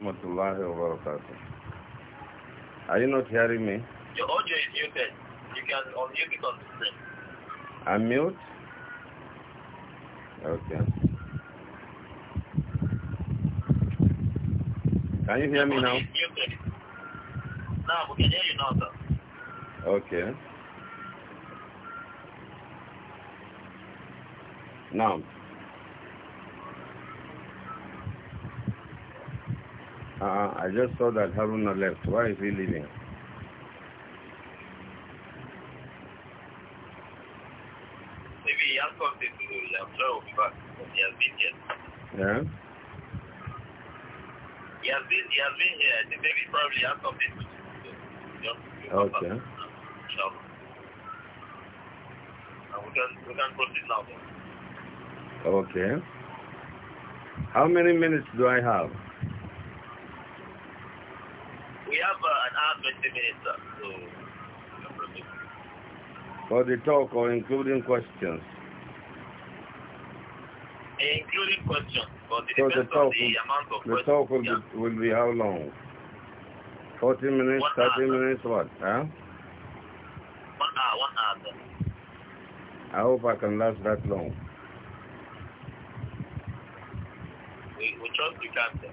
rahmatullahi wa Are you not hearing me? Your audio is muted. You can unmute it on the screen. I'm mute? Okay. Can you hear me now? Muted. Now we can hear you now, sir. Okay. Now, Uh, I just saw that Haruna left. Why is he leaving? Maybe he has something to do. i he has been here. Yeah? He has been, he has been here. Maybe probably has something to do. okay. we can, we can proceed now. Okay. How many minutes do I have? We have uh, an hour 20 minutes, sir. Uh, so, for the talk or including questions? Including questions, but it so depends the talk, on the amount of the questions. The talk will, yeah. be, will be how long? 40 minutes, one 30 hour, minutes, sir. what? Huh? One hour, one hour, sir. I hope I can last that long. We, we trust you can, sir.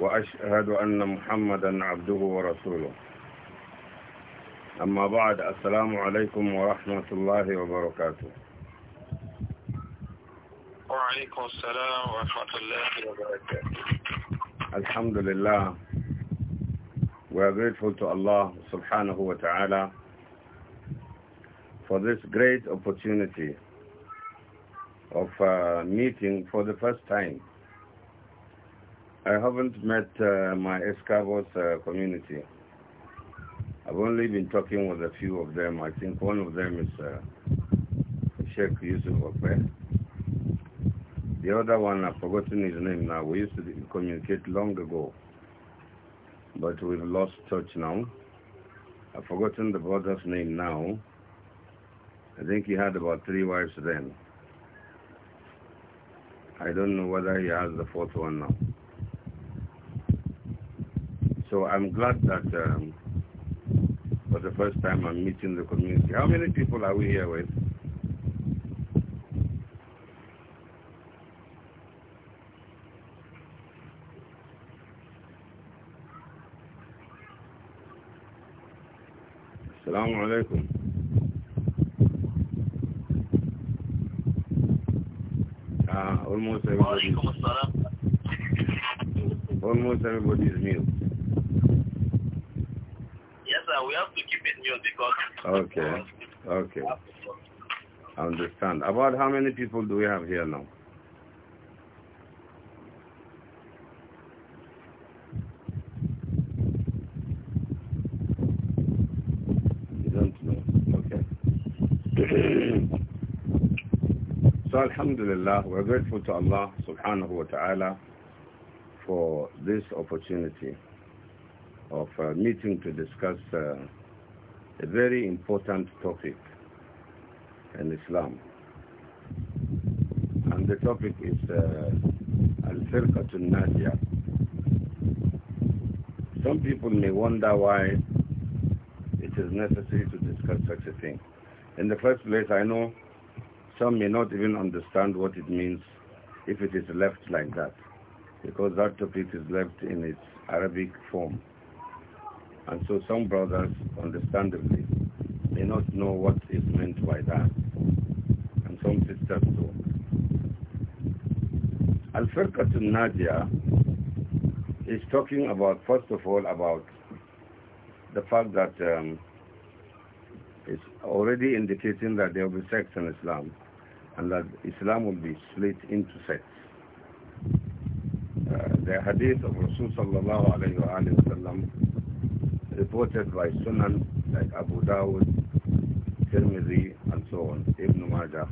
وأشهد أن محمدا عبده ورسوله أما بعد السلام عليكم ورحمة الله وبركاته وعليكم السلام ورحمة الله وبركاته الحمد لله We are grateful to Allah subhanahu wa ta'ala for this great opportunity of uh, meeting for the first time I haven't met uh, my Escavos uh, community. I've only been talking with a few of them. I think one of them is uh, Sheikh Yusuf The other one, I've forgotten his name now. We used to communicate long ago, but we've lost touch now. I've forgotten the brother's name now. I think he had about three wives then. I don't know whether he has the fourth one now. So I'm glad that um, for the first time I'm meeting the community. How many people are we here with? السلام عليكم uh, almost everybody almost everybody is mute we have to keep it Okay, okay. I understand. About how many people do we have here now? don't know. Okay. so Alhamdulillah, we're grateful to Allah subhanahu wa ta'ala for this opportunity of a meeting to discuss uh, a very important topic in Islam. And the topic is Al-Firqatun uh, Najiyah. Some people may wonder why it is necessary to discuss such a thing. In the first place, I know some may not even understand what it means if it is left like that, because that topic is left in its Arabic form. And so some brothers, understandably, may not know what is meant by that. And some sisters do. Al-Firqatun Nadia is talking about, first of all, about the fact that um, it's already indicating that there will be sects in Islam and that Islam will be split into sects. Uh, the hadith of Rasulullah sallallahu alayhi wa sallam reported by Sunan like Abu Dawud, Tirmidhi, and so on, Ibn Majah.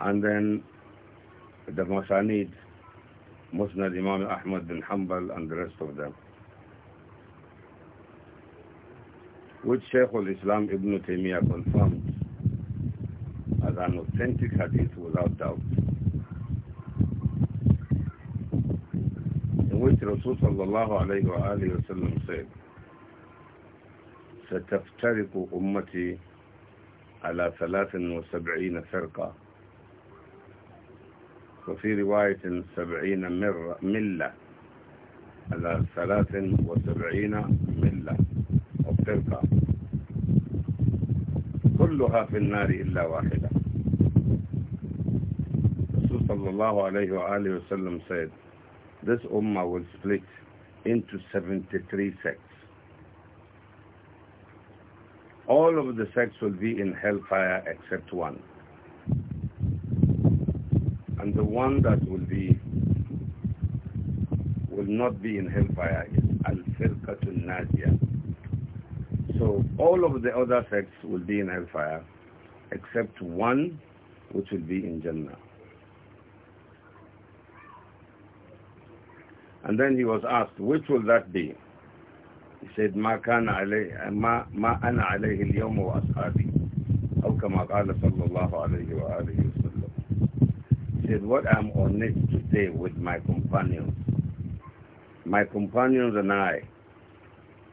And then the Masanid, Musnad Imam Ahmad bin Hanbal, and the rest of them. Which Shaykh al-Islam Ibn Taymiyyah confirmed as an authentic hadith without doubt. الرسول صلى الله عليه وآله وسلم said ستفترق أمتي على ثلاث وسبعين فرقة وفي رواية سبعين مر ملة على ثلاث وسبعين ملة أو فرقة كلها في النار إلا واحدة الرسول صلى الله عليه وآله وسلم said this ummah will split into 73 sects. All of the sects will be in hellfire except one. And the one that will be will not be in hellfire is Al-Firqatul Najiyah. So all of the other sects will be in hellfire except one which will be in Jannah. And then he was asked, which will that be? He said, ما كان عليه ما ما أنا عليه اليوم وأصحابي أو كما قال صلى الله عليه وآله وسلم. He said, what I'm on it today with my companions, my companions and I,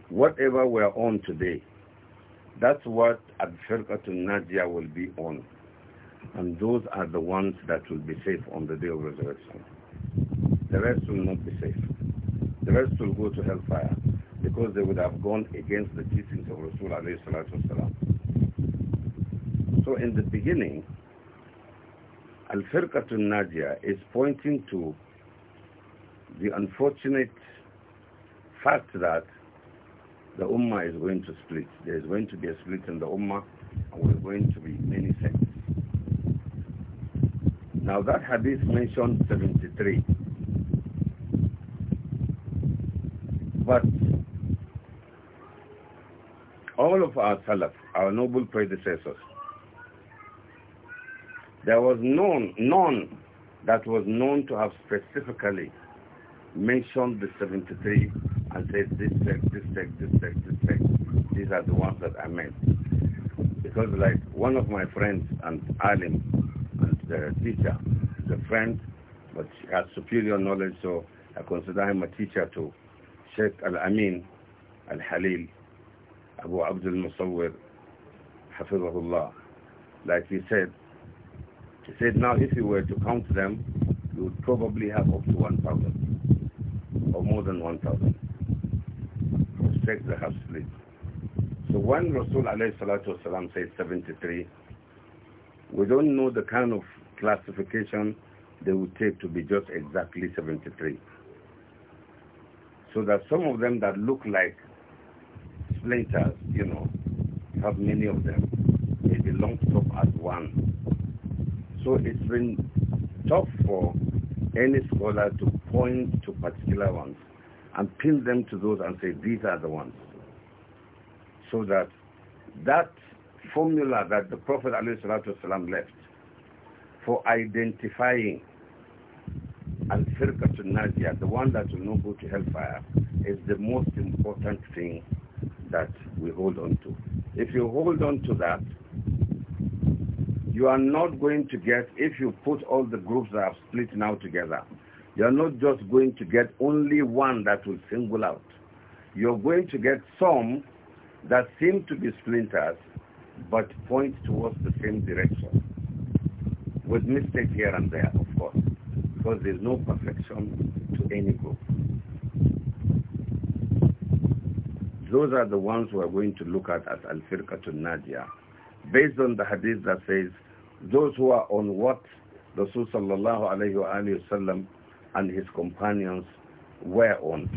whatever we're on today, that's what Al-Firqatun Najiyah will be on. And those are the ones that will be safe on the day of resurrection the rest will not be safe. The rest will go to hellfire because they would have gone against the teachings of Rasul alayhi salatu So in the beginning, Al-Firqatun Najia is pointing to the unfortunate fact that the Ummah is going to split. There is going to be a split in the Ummah and we're going to be many sects. Now that hadith mentioned 73 But all of our salaf, our noble predecessors, there was none, none that was known to have specifically mentioned the 73 and said this sect, this sect, this sect, this sect. These are the ones that I meant. Because like one of my friends and Alim and the uh, teacher the a friend, but she has superior knowledge, so I consider him a teacher too. الشيخ الأمين الحليل Abu Abdul Musawwir Hafizahullah like he said he said now if you were to count them you would probably have up to 1,000 or more than 1,000 respect the have slept. so when Rasul alayhi salatu wasalam said 73 we don't know the kind of classification they would take to be just exactly 73 so that some of them that look like splinters, you know, have many of them. They belong to as one. So it's been tough for any scholar to point to particular ones and pin them to those and say, these are the ones. So that that formula that the Prophet ﷺ left for identifying and firqatul Najiyah, the one that will not go to hellfire, is the most important thing that we hold on to. If you hold on to that, you are not going to get, if you put all the groups that are split now together, you are not just going to get only one that will single out. You're going to get some that seem to be splinters, but point towards the same direction, with mistakes here and there, of course because there is no perfection to any group. Those are the ones we are going to look at as Al-Firqatun Nadia. based on the hadith that says, those who are on what Rasul sallallahu alayhi wa sallam and his companions were on.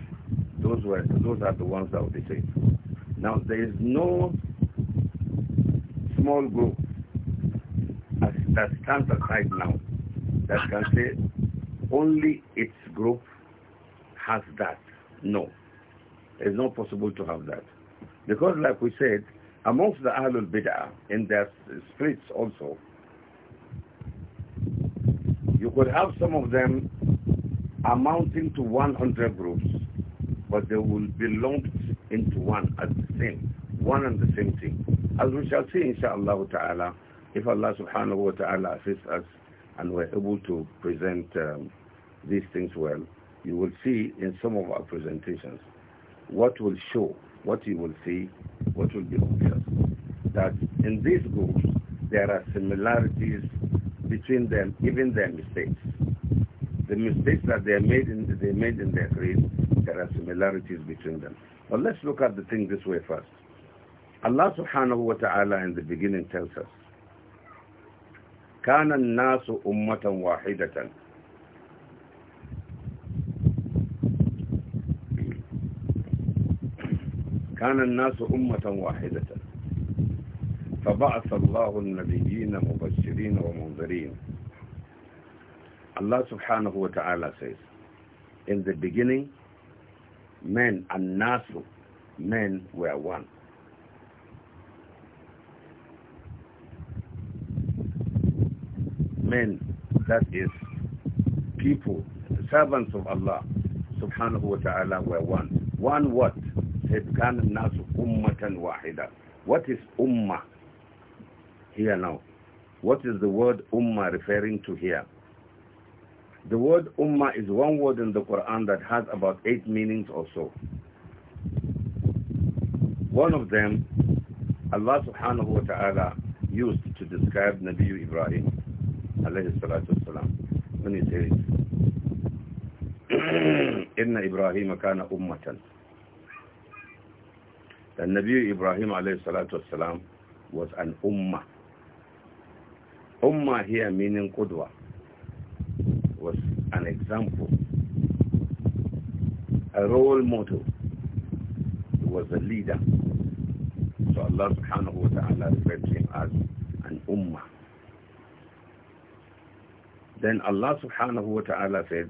Those, were, those are the ones that will be saved. Now, there is no small group that stands aside now that can say only its group has that. No. It's not possible to have that. Because like we said, amongst the Ahlul Bid'ah, in their splits also, you could have some of them amounting to 100 groups, but they will be lumped into one at the same, one and the same thing. As we shall see, inshallah ta'ala, if Allah subhanahu wa ta'ala assists us and we're able to present um, these things well, you will see in some of our presentations what will show, what you will see, what will be obvious, that in these groups there are similarities between them, even their mistakes. The mistakes that they made in they made in their creed, there are similarities between them. But let's look at the thing this way first. Allah subhanahu wa ta'ala in the beginning tells us, كان الناس أمة واحدة كان الناس أمة واحدة فبعث الله النبيين مبشرين ومنذرين Allah subhanahu wa ta'ala says, In the beginning, men and Nasu, men were one. Men, that is, people, servants of Allah subhanahu wa ta'ala were one. One what? said, Kana nasu ummatan wahida. What is ummah here now? What is the word ummah referring to here? The word ummah is one word in the Quran that has about eight meanings or so. One of them, Allah subhanahu wa ta'ala used to describe Nabi Ibrahim alayhi salatu wasalam when he said, إِنَّ إِبْرَاهِيمَ كَانَ أُمَّةً the Nabi Ibrahim والسلام, was an ummah. Ummah here meaning Qudwa was an example, a role model. He was a leader. So Allah subhanahu wa ta'ala referred him as an ummah. Then Allah subhanahu wa ta'ala said,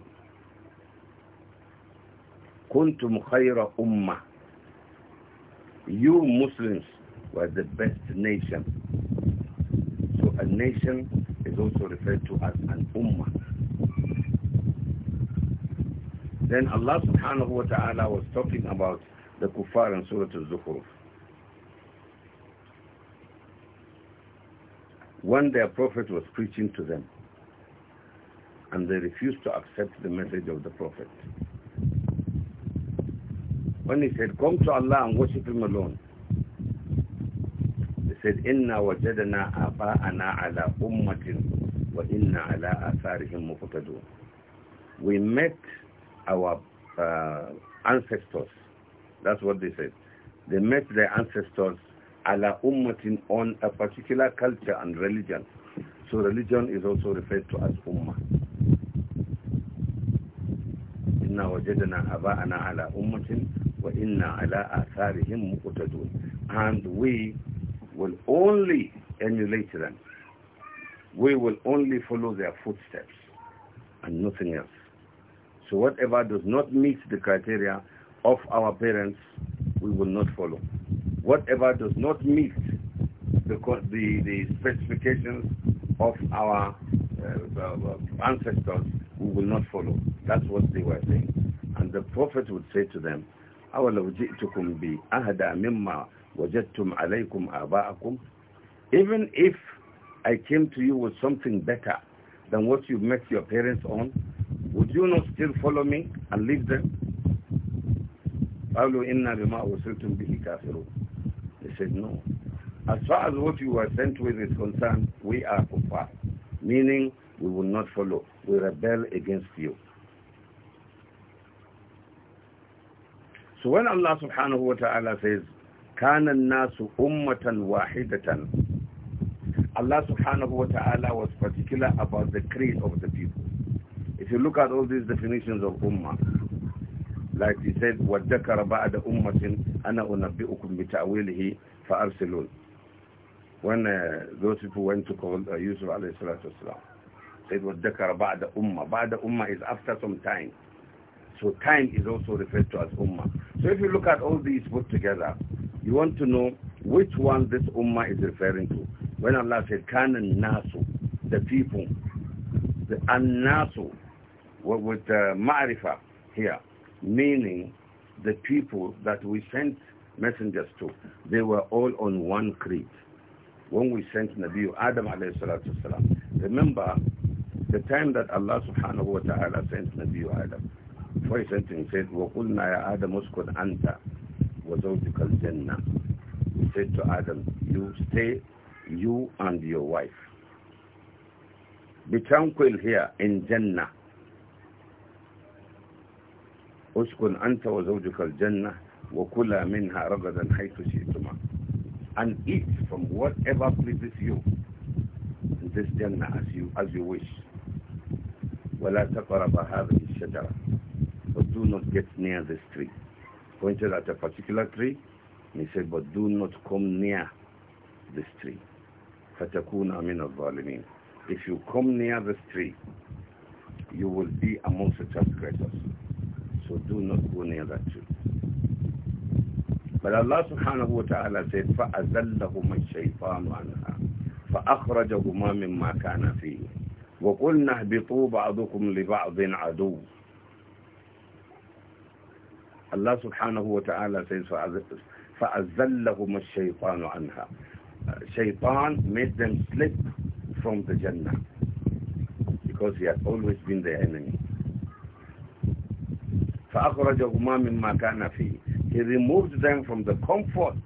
"Kuntum khayra Ummah." you Muslims were the best nation. So a nation is also referred to as an ummah. Then Allah subhanahu wa ta'ala was talking about the kuffar in Surah Al-Zukhruf. When their prophet was preaching to them and they refused to accept the message of the prophet. When he said, come to Allah and worship him alone. He said, إِنَّا وَجَدَنَا ala ummatin, أُمَّةٍ inna ala آثَارِهِمْ مُقْتَدُونَ We met our uh, ancestors. That's what they said. They met their ancestors ala ummatin on a particular culture and religion. So religion is also referred to as ummah. Inna wajadana aba'ana ala ummatin and we will only emulate them. We will only follow their footsteps and nothing else. So whatever does not meet the criteria of our parents, we will not follow. Whatever does not meet the, the, the specifications of our uh, ancestors, we will not follow. That's what they were saying. And the Prophet would say to them, awalau ji'tukum bi mimma wajadtum alaykum aba'akum even if I came to you with something better than what you met your parents on would you not still follow me and leave them they said no as far as what you were sent with is concerned we are kuffar meaning we will not follow we rebel against you So when Allah subhanahu wa ta'ala says, كَانَ النَّاسُ أُمَّةً وَاحِدَةً Allah subhanahu wa ta'ala was particular about the creed of the people. If you look at all these definitions of ummah, like he said, وَذَّكَرَ بَعْدَ أُمَّةٍ أَنَا أُنَبِّئُكُمْ بِتَأْوِيلِهِ فَأَرْسِلُونَ When uh, those people went to call uh, Yusuf alayhi salatu wasalam, said, وَذَّكَرَ بَعْدَ أُمَّةٍ بَعْدَ أُمَّةٍ is after some time. So time is also referred to as ummah. So if you look at all these put together, you want to know which one this ummah is referring to. When Allah said, kana nasu, the people, the annasu, with uh, ma'rifah here, meaning the people that we sent messengers to, they were all on one creed. When we sent Nabi Adam alayhi salatu salam remember the time that Allah subhanahu wa ta'ala sent Nabi Adam, First sentence says, وَقُلْنَا يَا آدَمُ اسْكُنْ أَنْتَ وَزَوْجُكَ الْجَنَّةِ He said to Adam, you stay, you and your wife. Be tranquil here in Jannah. اسكن أنت وزوجك الجنة وكلا منها رغدا حيث شئتما and eat from whatever pleases you in this Jannah as you, as you wish ولا تقرب هذه الشجرة do not get near this tree. Pointed at a particular tree, and he said, but do not come near this tree. فَتَكُونَ مِنَ الظَّالِمِينَ If you come near this tree, you will be amongst the transgressors. So do not go near that tree. But Allah subhanahu wa ta'ala said, فَأَزَلَّهُمَا الشَّيْطَانُ عَنْهَا فَأَخْرَجَهُمَا مِمَّا كَانَ فِيهِ وَقُلْنَا اهْبِطُوا بَعْضُكُمْ لِبَعْضٍ عَدُوٍّ Allah subhanahu wa ta'ala says, فَأَزَّلَّهُمَ الشَّيْطَانُ عَنْهَا uh, Shaitan made them slip from the Jannah because he had always been their enemy. فَأَخْرَجَهُمَا مِمَّا كَانَ فِيهِ He removed them from the comfort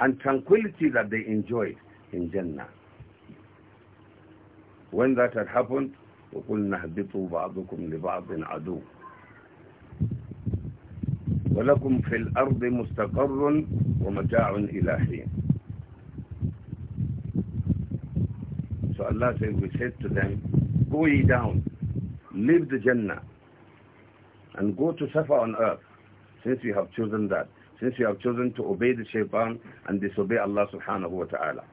and tranquility that they enjoyed in Jannah. When that had happened, وَقُلْنَا اهْبِطُوا بَعْضُكُمْ لِبَعْضٍ عَدُوٍ ولكم في الأرض مستقر ومتاع إلى حين So Allah said, we said to them, go ye down, leave the Jannah, and go to Safa on earth, since you have chosen that, since you have chosen to obey the shaitan and disobey Allah subhanahu wa ta'ala.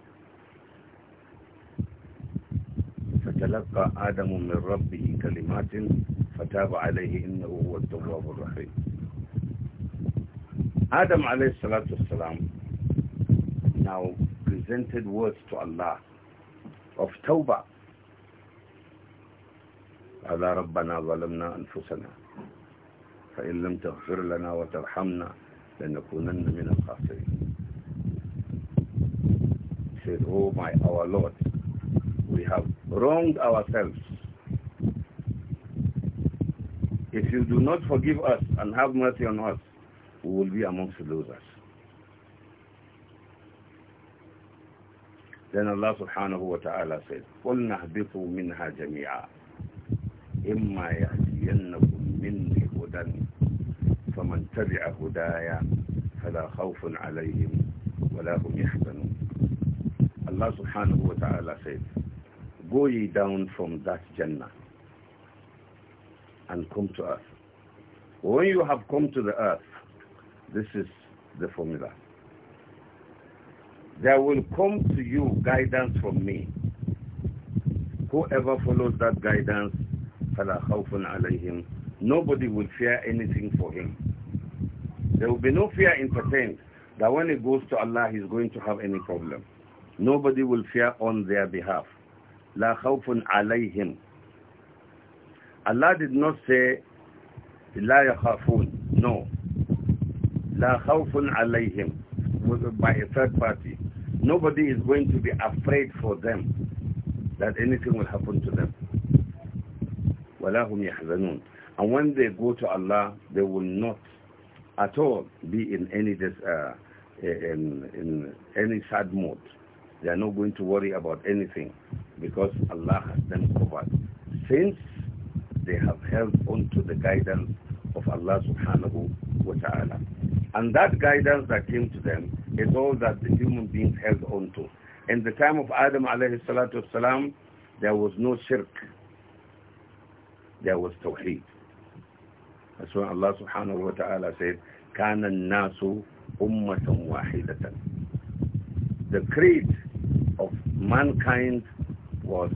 فتلقى آدم من ربه كلمات فتاب عليه إنه هو التواب الرحيم Adam alayhi salatu salam now presented words to Allah of tawbah. على ربنا ظلمنا أنفسنا فإن لم تغفر لنا وترحمنا لنكونن من الخاسرين said, Oh my, our Lord, we have wronged ourselves. If you do not forgive us and have mercy on us, we will be amongst the losers. Then Allah subhanahu wa ta'ala said, قُلْنَا اهْبِطُوا مِنْهَا جَمِيعًا إِمَّا يَأْتِيَنَّكُمْ مِنِّي هُدًى فَمَنْ تَبِعَ هُدَايَ فَلَا خَوْفٌ عَلَيْهِمْ وَلَا هُمْ يَحْزَنُونَ Allah subhanahu wa ta'ala said, Go ye down from that Jannah and come to earth. When you have come to the earth, this is the formula. There will come to you guidance from me. Whoever follows that guidance, Nobody will fear anything for him. There will be no fear in pertains that when he goes to Allah, he's going to have any problem. Nobody will fear on their behalf. la خَوْفٌ alayhim. Allah did not say, la يَخَافُونَ No. La khawfun alayhim by a third party. Nobody is going to be afraid for them that anything will happen to them. وَلَهُمْ yahzanun. And when they go to Allah, they will not at all be in any uh, in, in any sad mood. They are not going to worry about anything because Allah has them covered. Since they have held on to the guidance of Allah subhanahu wa ta'ala. And that guidance that came to them is all that the human beings held on to. In the time of Adam alayhi salatu salam, there was no shirk. There was tawheed. That's why Allah subhanahu wa ta'ala said, كَانَ النَّاسُ أُمَّةً وَاحِدَةً The creed of mankind was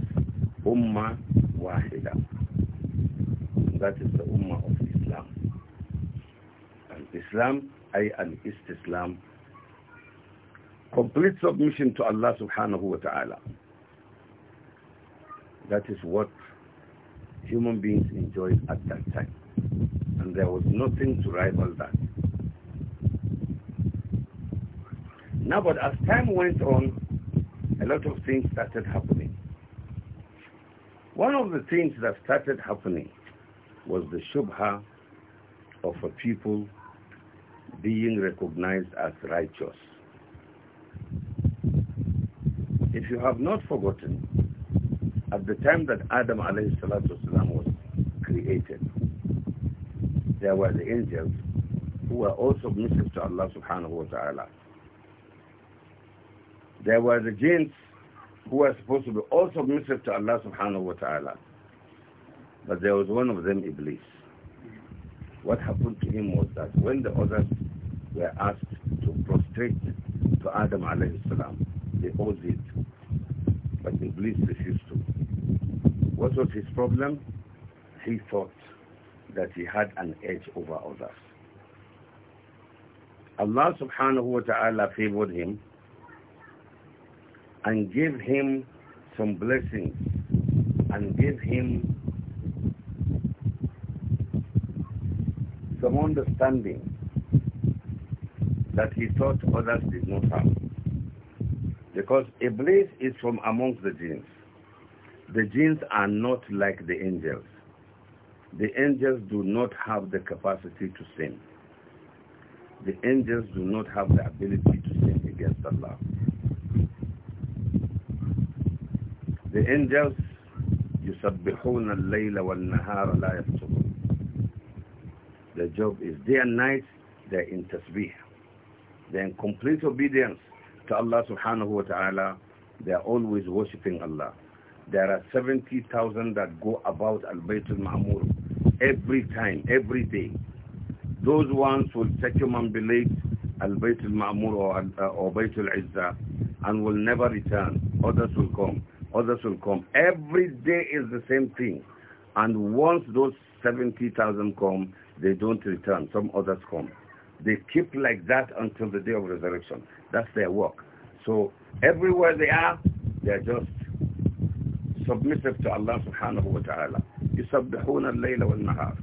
Ummah Wahida. that is the Ummah of Islam. And Islam ay al complete submission to Allah subhanahu wa ta'ala. That is what human beings enjoyed at that time. And there was nothing to rival that. Now, but as time went on, a lot of things started happening. One of the things that started happening was the shubha of a people being recognized as righteous. If you have not forgotten, at the time that Adam والسلام, was created, there were the angels who were all submissive to Allah subhanahu wa ta'ala. There were the jinns who were supposed to be all submissive to Allah subhanahu wa ta'ala. But there was one of them, Iblis. What happened to him was that when the others were asked to prostrate to Adam alayhi salam. They all did. But Iblis refused to. What was his problem? He thought that he had an edge over others. Allah subhanahu wa ta'ala favored him and gave him some blessings and gave him some understanding that he thought others did not have. Because Iblis is from amongst the jinns. The jinns are not like the angels. The angels do not have the capacity to sin. The angels do not have the ability to sin against Allah. The angels يسبحون الليل والنهار لا يفترون. Their job is day and night, they're in tasbih in complete obedience to Allah subhanahu wa ta'ala, they are always worshipping Allah. There are 70,000 that go about Al-Baytul Ma'mur every time, every day. Those ones will circumambulate Al-Baytul Ma'mur or, uh, or Baytul Izzah and will never return. Others will come. Others will come. Every day is the same thing. And once those 70,000 come, they don't return. Some others come. They keep like that until the day of resurrection. That's their work. So everywhere they are, they are just submissive to Allah subhanahu wa ta'ala. يُسَبِّحُونَ اللَّيْلَ وَالنَّهَارِ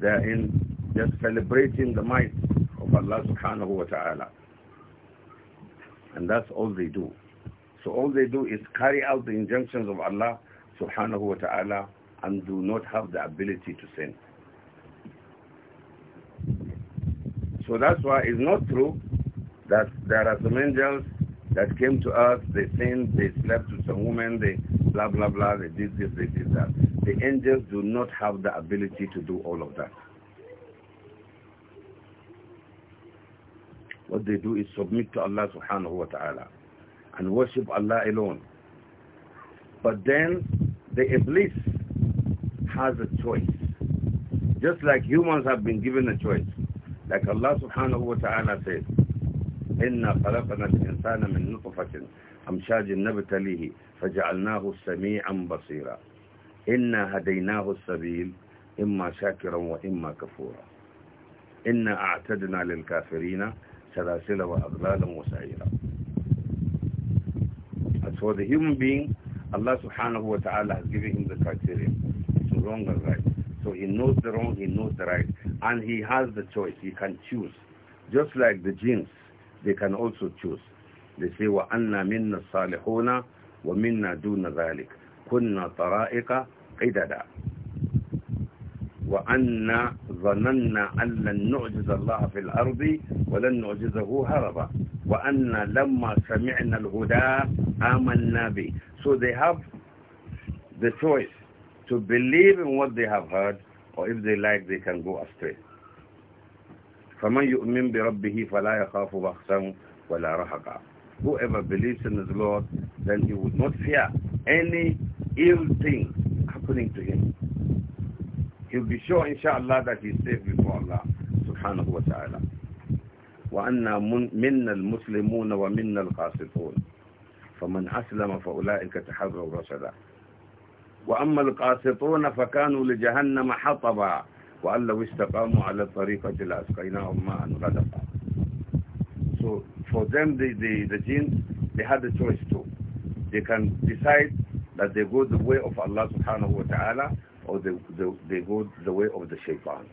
They are in, they're celebrating the might of Allah subhanahu wa ta'ala. And that's all they do. So all they do is carry out the injunctions of Allah subhanahu wa ta'ala and do not have the ability to sin. So that's why it's not true that there are some angels that came to us, they sinned, they slept with some women, they blah, blah, blah, they did this, they did that. The angels do not have the ability to do all of that. What they do is submit to Allah subhanahu wa ta'ala and worship Allah alone. But then the Iblis has a choice. Just like humans have been given a choice. لكن الله سبحانه وتعالى سيد إنا خلقنا الإنسان من نطفة أمشاج نبتليه فجعلناه سميعا بصيرا إنا هديناه السبيل إما شاكرا وإما كفورا إنا أعتدنا للكافرين سلاسل وأغلالا وسعيرا As for the human being, Allah subhanahu wa ta'ala has given him the criteria to wrong and right. So he knows the wrong, he knows the right, and he has the choice. He can choose. Just like the jinns, they can also choose. They say, وَأَنَّا مِنَّا الصَّالِحُونَ وَمِنَّا دُونَ ذَلِكَ كُنَّا طَرَائِقَ قِدَدًا وأنا ظننا أن لن نعجز الله في الأرض ولن نعجزه هربا وأنا لما سمعنا الهدى آمنا به so they have the choice to believe in what they have heard or if they like, they can go astray. فَمَنْ يُؤْمِنْ بِرَبِّهِ فَلَا يَخَافُ بَخْسًا وَلَا رَحَقًا Whoever believes in his Lord, then he would not fear any ill thing happening to him. He'll be sure, inshallah, that he's safe before Allah, subhanahu wa ta'ala. وأنا مِنَ المسلمون وَمِنَ القاسطون فمن أسلم فأولئك تحروا رشدا وأما القاسطون فكانوا لجهنم حطبا وأن لو استقاموا على لأسقيناهم ماء غدقا So for them, the, the, the jinn, they had a choice too. They can decide that they go the way of Allah subhanahu wa ta'ala or they, they, they go the way of the shaitan.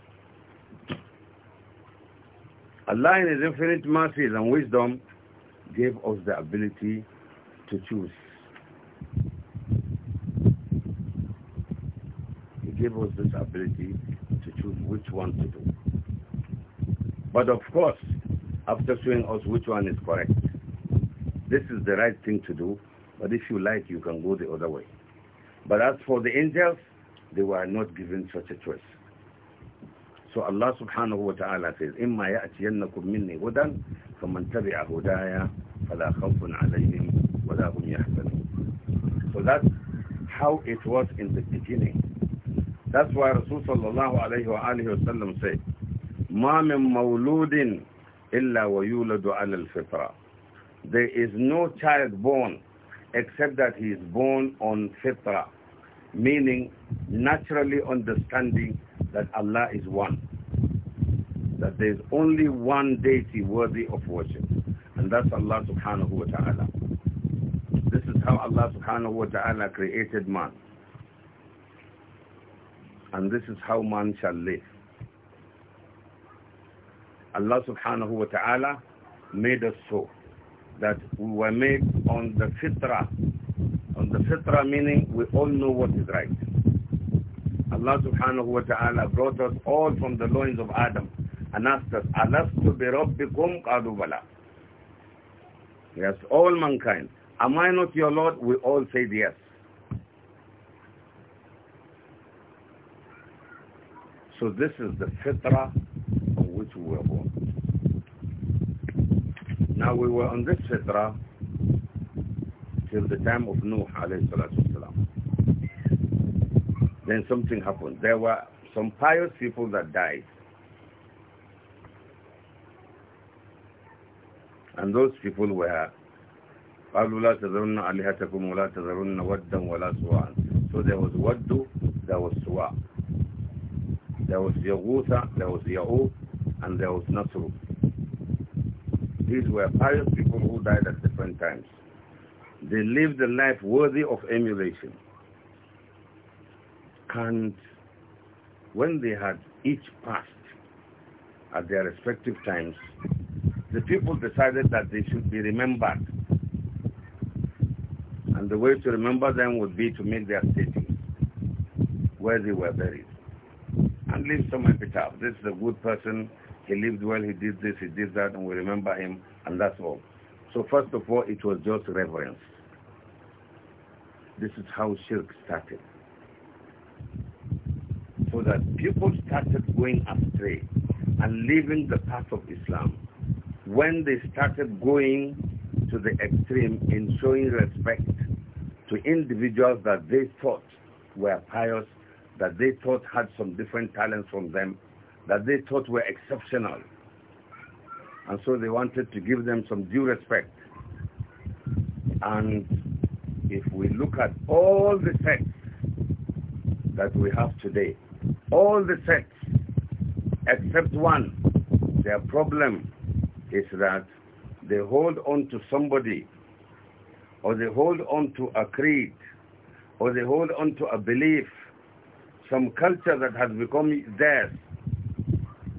Allah in His infinite mercy and wisdom gave us the ability to choose. gave us this ability to choose which one to do. But of course, after showing us which one is correct, this is the right thing to do, but if you like, you can go the other way. But as for the angels, they were not given such a choice. So Allah subhanahu wa ta'ala says, إِمَّا يَأْتِيَنَّكُمْ مِنِّي هُدًى فَمَنْ تَبِعَ هُدَايَ فَلَا خَوْفٌ عَلَيْهِمْ وَلَا هُمْ يَحْزَنُونَ So that's how it was in the beginning. That's why Rasul sallallahu alayhi wa alayhi wa sallam said, مَا مِن مَوْلُودٍ إِلَّا وَيُولَدُ عَلَى الْفِطْرَةِ There is no child born except that he is born on fitra, meaning naturally understanding that Allah is one. That there is only one deity worthy of worship. And that's Allah subhanahu wa ta'ala. This is how Allah subhanahu wa ta'ala created man and this is how man shall live. Allah subhanahu wa ta'ala made us so that we were made on the fitrah. On the fitrah meaning we all know what is right. Allah subhanahu wa ta'ala brought us all from the loins of Adam and asked us, Alastu bi rabbikum qadu bala. Yes, all mankind. Am I not your Lord? We all said yes. So this is the fitra on which we were born. Now we were on this fitra till the time of Nuh alayhi Then something happened. There were some pious people that died. And those people were قالوا لا تذرن آلهتكم ولا تذرن ودا ولا So there was waddu, there was suwa there was Yawutha, there was Ya'ub, and there was Nasru. These were pious people who died at different times. They lived a life worthy of emulation. And when they had each passed at their respective times, the people decided that they should be remembered. And the way to remember them would be to make their city where they were buried and leave some epitaph. This is a good person. He lived well. He did this. He did that. And we remember him. And that's all. So first of all, it was just reverence. This is how shirk started. So that people started going astray and leaving the path of Islam. When they started going to the extreme in showing respect to individuals that they thought were pious that they thought had some different talents from them, that they thought were exceptional. And so they wanted to give them some due respect. And if we look at all the sets that we have today, all the sets except one, their problem is that they hold on to somebody or they hold on to a creed or they hold on to a belief some culture that has become theirs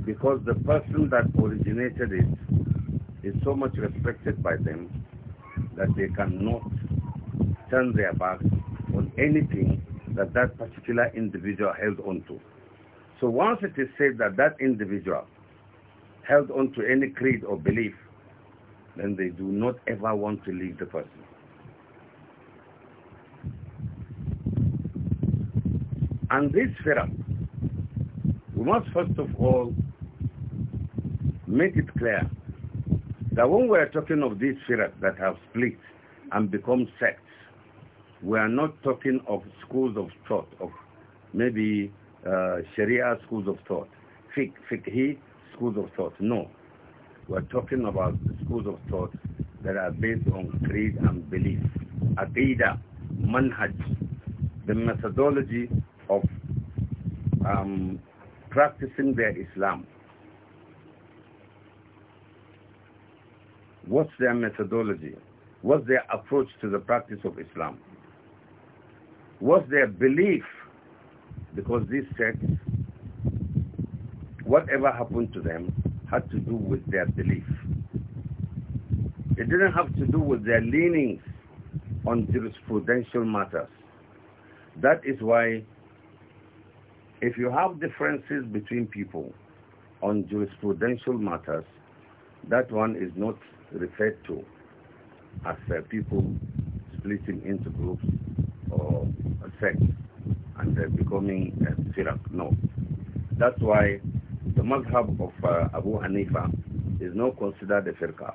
because the person that originated it is so much respected by them that they cannot turn their backs on anything that that particular individual held onto. So once it is said that that individual held on to any creed or belief, then they do not ever want to leave the person. And this firaq, we must first of all make it clear that when we are talking of these firaq that have split and become sects, we are not talking of schools of thought, of maybe uh, Sharia schools of thought, fiqh, fiqhi schools of thought. No. We're talking about schools of thought that are based on creed and belief. Aqidah, manhaj, the methodology um, practicing their Islam. What's their methodology? What's their approach to the practice of Islam? What's their belief? Because these sects, whatever happened to them, had to do with their belief. It didn't have to do with their leanings on jurisprudential matters. That is why if you have differences between people on jurisprudential matters, that one is not referred to as uh, people splitting into groups or sects and uh, becoming a uh, No. That's why the madhab of uh, Abu Hanifa is not considered a firqa.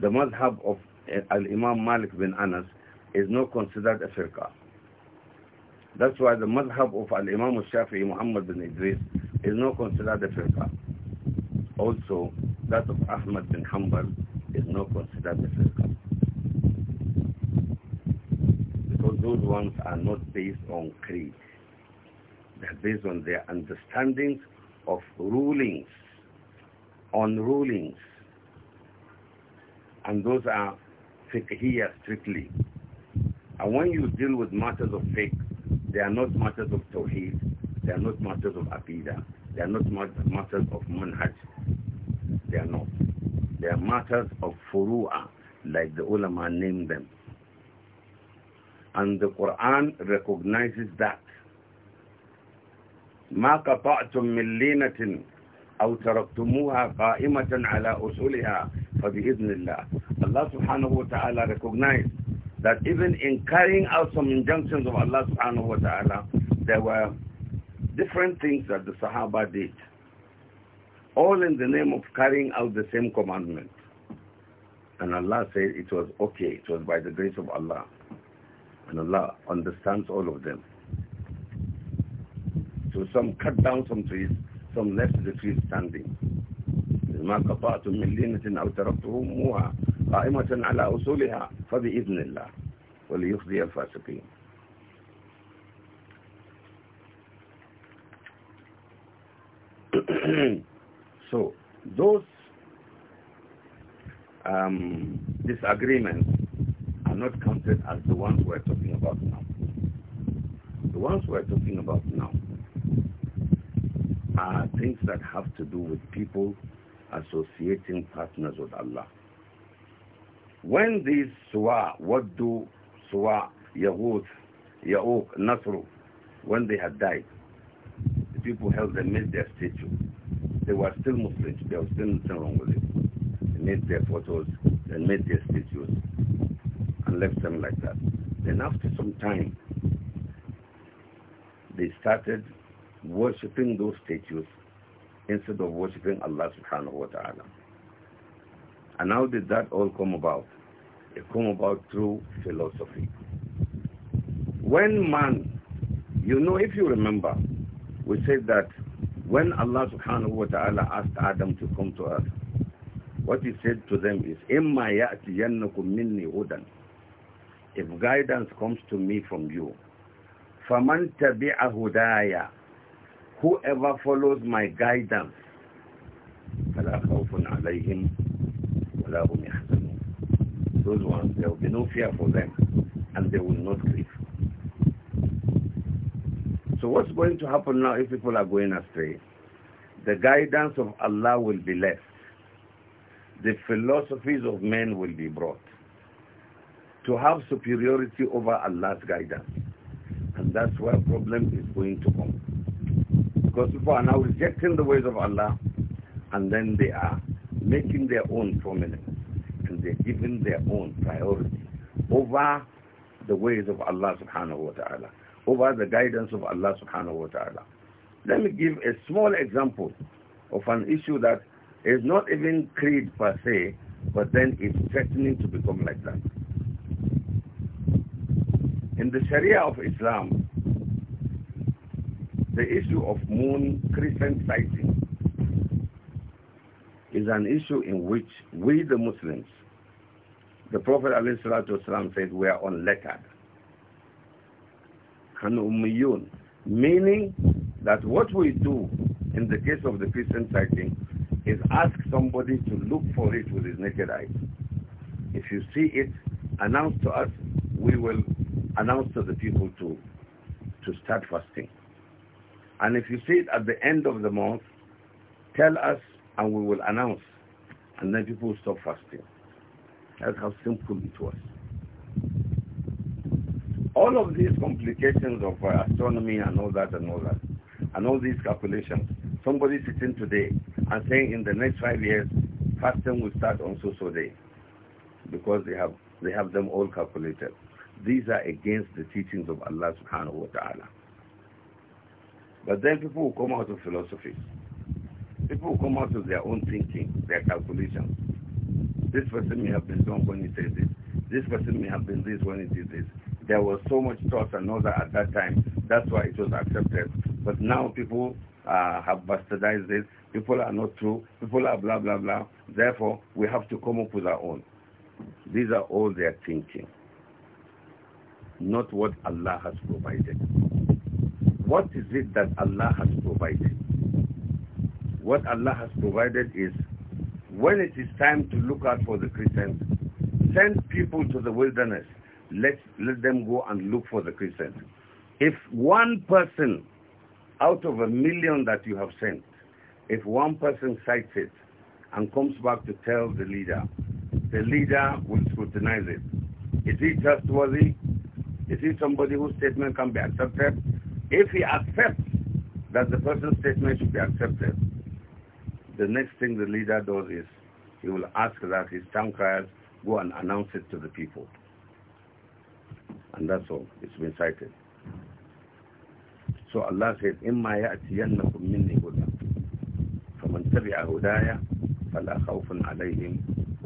The madhab of uh, Al-Imam Malik bin Anas is not considered a firqa. That's why the madhab of Al-Imam al-Shafi'i Muhammad bin Idris is not considered a firqa. Also, that of Ahmad bin Hanbal is not considered a firqa. Because those ones are not based on creed. They're based on their understandings of rulings, on rulings. And those are fiqhiyah strictly. And when you deal with matters of faith, they are not matters of Tawheed. They are not matters of abida. They are not matters of Manhaj. They are not. They are matters of Furu'ah, like the ulama named them. And the Quran recognizes that. ما قطعتم من لينة أو تركتموها قائمة على أصولها فبإذن الله Allah subhanahu wa ta'ala recognized that even in carrying out some injunctions of Allah subhanahu wa ta'ala, there were different things that the Sahaba did, all in the name of carrying out the same commandment. And Allah said it was okay, it was by the grace of Allah. And Allah understands all of them. So some cut down some trees, some left the trees standing. قائمة على أصولها فبإذن الله وليخزي الفاسقين so those um, disagreements are not counted as the ones we're talking about now. The ones we're talking about now are things that have to do with people associating partners with Allah. When these Suwa, do Suwa, Yahud, Ya'uq, Nasru, when they had died, the people held them, made their statue. They were still Muslims. There was still nothing wrong with it. They made their photos they made their statues and left them like that. Then after some time, they started worshipping those statues instead of worshipping Allah subhanahu wa ta'ala. And how did that all come about? They come about through philosophy. When man, you know, if you remember, we said that when Allah subhanahu wa ta'ala asked Adam to come to Earth, what he said to them is, If guidance comes to me from you, فَمَنْ تَبِعَ هُدَايَ Whoever follows my guidance, فَلَا خَوْفٌ عَلَيْهِمْ وَلَا هُمْ يَحْزَنُونَ those ones, there will be no fear for them and they will not grieve. So what's going to happen now if people are going astray? The guidance of Allah will be left. The philosophies of men will be brought to have superiority over Allah's guidance. And that's where problem is going to come. Because people are now rejecting the ways of Allah and then they are making their own prominent they're given their own priority over the ways of Allah subhanahu wa ta'ala, over the guidance of Allah subhanahu wa ta'ala. Let me give a small example of an issue that is not even creed per se, but then is threatening to become like that. In the Sharia of Islam, the issue of moon crescent sighting is an issue in which we the Muslims the Prophet ﷺ said, we are unlettered. kanumiyun, meaning that what we do in the case of the Christian sighting is ask somebody to look for it with his naked eyes. If you see it, announce to us, we will announce to the people to, to start fasting. And if you see it at the end of the month, tell us and we will announce. And then people stop fasting. That's how simple it was. All of these complications of uh, astronomy and all that and all that, and all these calculations, somebody sitting today and saying in the next five years, fasting will start on so-so day because they have, they have them all calculated. These are against the teachings of Allah subhanahu wa ta'ala. But then people will come out of philosophies, People will come out of their own thinking, their calculations. This person may have been drunk when he said this. This person may have been this when he did this. There was so much thought and all that at that time. That's why it was accepted. But now people uh, have bastardized it. People are not true. People are blah, blah, blah. Therefore, we have to come up with our own. These are all their thinking. Not what Allah has provided. What is it that Allah has provided? What Allah has provided is when it is time to look out for the Christians, send people to the wilderness. Let, let them go and look for the Christians. If one person out of a million that you have sent, if one person cites it and comes back to tell the leader, the leader will scrutinize it. Is he trustworthy? Is he somebody whose statement can be accepted? If he accepts that the person's statement should be accepted, the next thing the leader does is he will ask that his town criers go and announce it to the people. And that's all. It's been cited. So Allah says, إِمَّا يَأْتِيَنَّكُمْ مِنِّي هُدًى فَمَنْ تَبِعَ هُدَايَ فَلَا خَوْفٌ عَلَيْهِمْ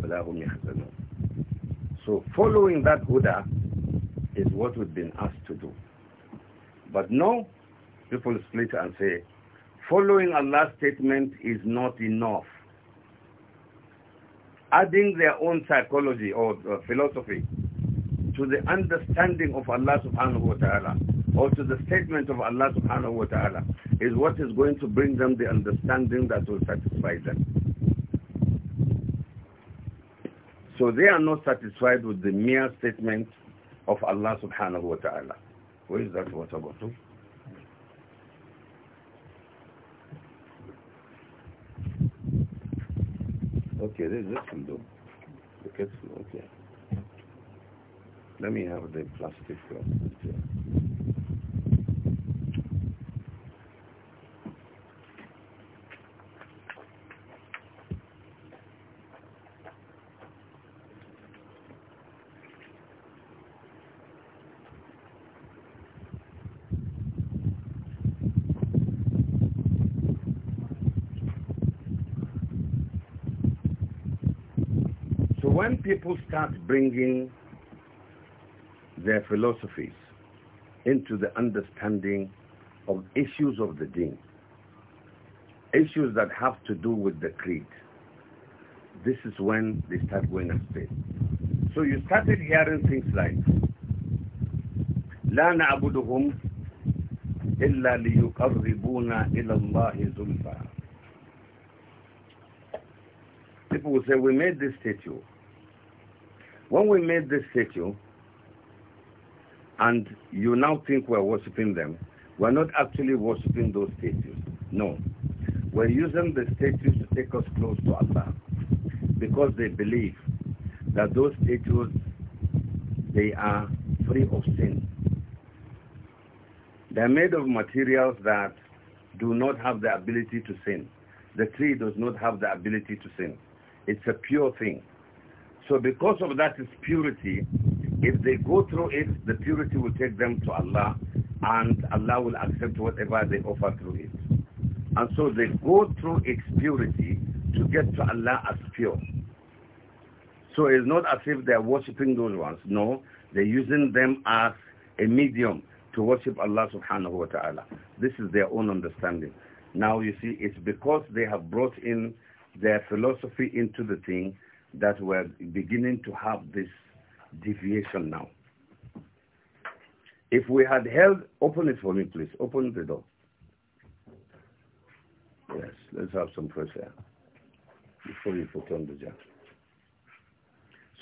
وَلَا هُمْ يَحْزَنُونَ So following that Huda is what we've been asked to do. But no, people split and say, Following Allah's statement is not enough. Adding their own psychology or, philosophy to the understanding of Allah subhanahu wa ta'ala or to the statement of Allah subhanahu wa ta'ala is what is going to bring them the understanding that will satisfy them. So they are not satisfied with the mere statement of Allah subhanahu wa ta'ala. Where is that water bottle? Okay, this, this will do. Okay, okay. Let me have the plastic one. Uh, when people start bringing their philosophies into the understanding of issues of the deen, issues that have to do with the creed, this is when they start going astray. So you started hearing things like, لا نعبدهم إلا ليقربونا إلى الله زلفى. People will say, we made this statue when we made this statue, and you now think we're worshipping them, we're not actually worshipping those statues. No. We're using the statues to take us close to Allah because they believe that those statues, they are free of sin. They're made of materials that do not have the ability to sin. The tree does not have the ability to sin. It's a pure thing. So because of that is purity. If they go through it, the purity will take them to Allah and Allah will accept whatever they offer through it. And so they go through its purity to get to Allah as pure. So it's not as if they're worshipping those ones. No, they're using them as a medium to worship Allah subhanahu wa ta'ala. This is their own understanding. Now you see, it's because they have brought in their philosophy into the thing that we're beginning to have this deviation now. If we had held, open it for me, please. Open the door. Yes, let's have some pressure before you put on the jacket.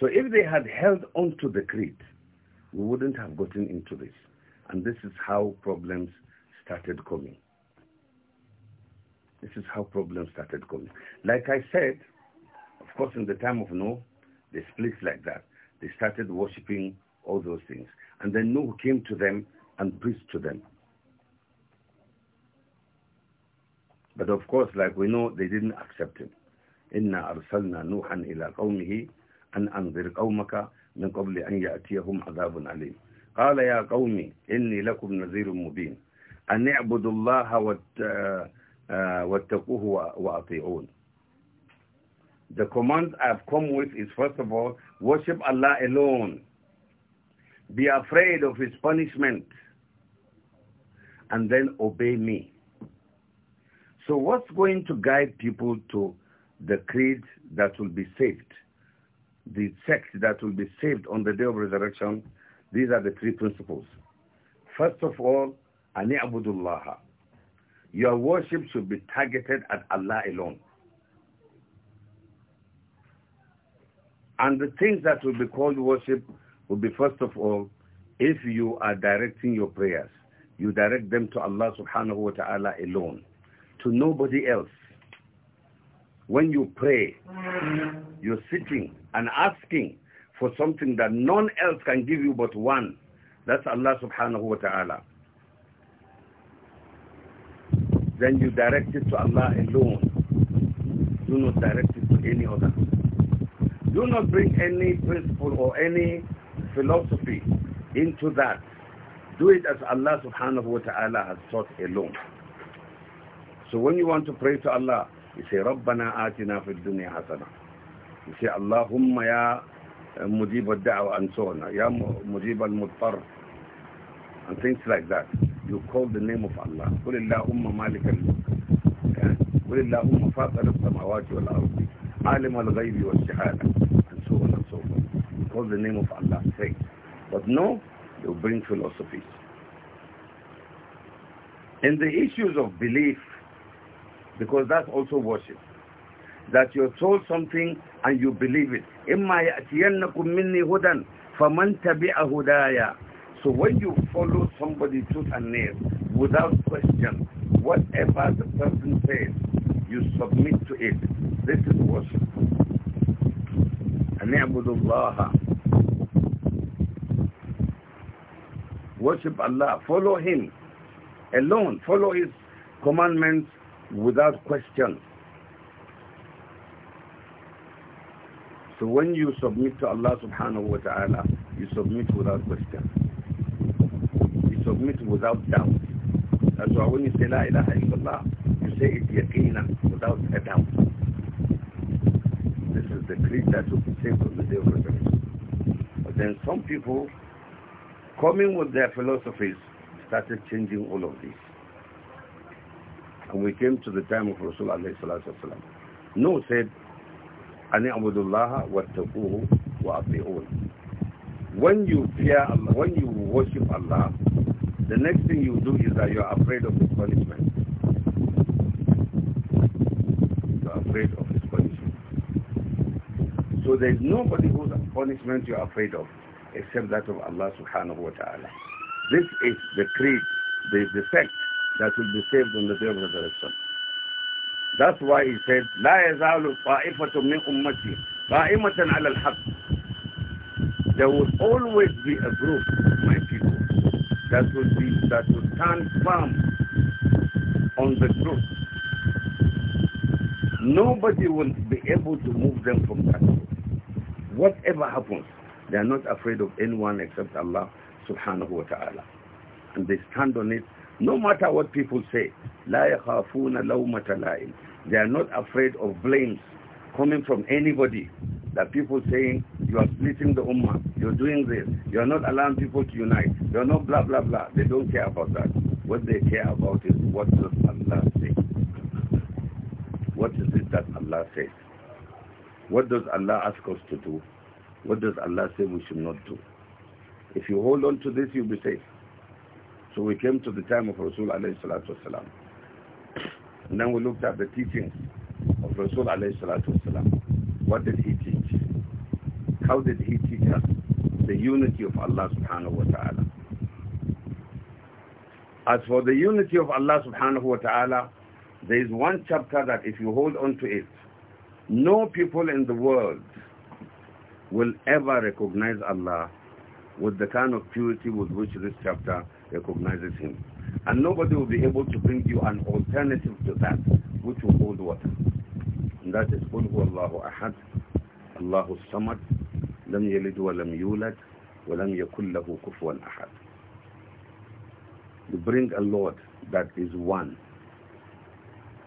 So if they had held on to the creed, we wouldn't have gotten into this. And this is how problems started coming. This is how problems started coming. Like I said, course, in the time of Noah, they split like that. They started worshipping all those things. And then Noah came to them and preached to them. But of course, like we know, they didn't accept him. إِنَّا أَرْسَلْنَا نُوحًا إِلَىٰ قَوْمِهِ أَنْ أَنْذِرْ قَوْمَكَ مِنْ قَبْلِ أَنْ يَأْتِيَهُمْ عَذَابٌ عَلِيمٌ قال يا قوم إني لكم نذير مبين أن اعبدوا الله واتقوه وأطيعون the command I've come with is first of all, worship Allah alone. Be afraid of his punishment. And then obey me. So what's going to guide people to the creed that will be saved? The sect that will be saved on the day of resurrection? These are the three principles. First of all, ani abudullah. Your worship should be targeted at Allah alone. And the things that will be called worship will be first of all, if you are directing your prayers, you direct them to Allah subhanahu wa ta'ala alone, to nobody else. When you pray, you're sitting and asking for something that none else can give you but one. That's Allah subhanahu wa ta'ala. Then you direct it to Allah alone. Do not direct it to any other. Do not bring any principle or any philosophy into that. Do it as Allah subhanahu wa ta'ala has taught alone. So when you want to pray to Allah, you say, "Rabbana atina فِي الدُّنْيَا hasana. You say, ya mujib al الدعوة and so on. يا al المضطر and things like that. You call the name of Allah. قُلِ اللَّهُمَّ مَالِكَ al قُلِ wal فَاطَرِ alim al عَالِمَ wal وَالشَّهَادَةِ Call the name of Allah Say. But no, you bring philosophies. In the issues of belief, because that's also worship, that you're told something and you believe it. So when you follow somebody tooth and nail, without question, whatever the person says, you submit to it. This is worship. أن يعبد الله worship Allah follow him alone follow his commandments without question so when you submit to Allah subhanahu wa ta'ala you submit without question you submit without doubt that's why when you say la ilaha illallah you say it yaqeenan without a doubt this is the creed that will be saved on the day of resurrection. But then some people, coming with their philosophies, started changing all of this. And we came to the time of Rasulullah No said, "Ani abudullah wa taquhu wa ati'un." When you fear Allah, when you worship Allah, the next thing you do is that you are afraid of the punishment. You are afraid of so there is nobody whose punishment you are afraid of except that of Allah subhanahu wa ta'ala. This is the creed, the, the fact that will be saved on the day of resurrection. That's why he said, لا يزال طائفة من أمتي قائمة على الحق. There will always be a group, my people, that will be that will stand firm on the truth. Nobody will be able to move them from that whatever happens, they are not afraid of anyone except Allah subhanahu wa ta'ala. And they stand on it no matter what people say. They are not afraid of blames coming from anybody. That people saying, you are splitting the ummah, you're doing this, you're not allowing people to unite, you're not blah, blah, blah. They don't care about that. What they care about is what does Allah say? What is it that Allah says? What does Allah ask us to do? What does Allah say we should not do? If you hold on to this, you'll be safe. So we came to the time of Rasul alayhi salatu wasalam. And then we looked at the teachings of Rasul alayhi salatu wasalam. What did he teach? How did he teach us the unity of Allah subhanahu wa ta'ala? As for the unity of Allah subhanahu wa ta'ala, there is one chapter that if you hold on to it, no people in the world will ever recognize Allah with the kind of purity with which this chapter recognizes him. And nobody will be able to bring you an alternative to that, which will hold water. And that is قُلْ هُوَ اللَّهُ أَحَدٌ اللَّهُ الصَّمَدُ لَمْ يَلِدْ وَلَمْ يُولَدْ وَلَمْ يَكُنْ لَهُ كُفُوًا أَحَدٌ You bring a Lord that is one,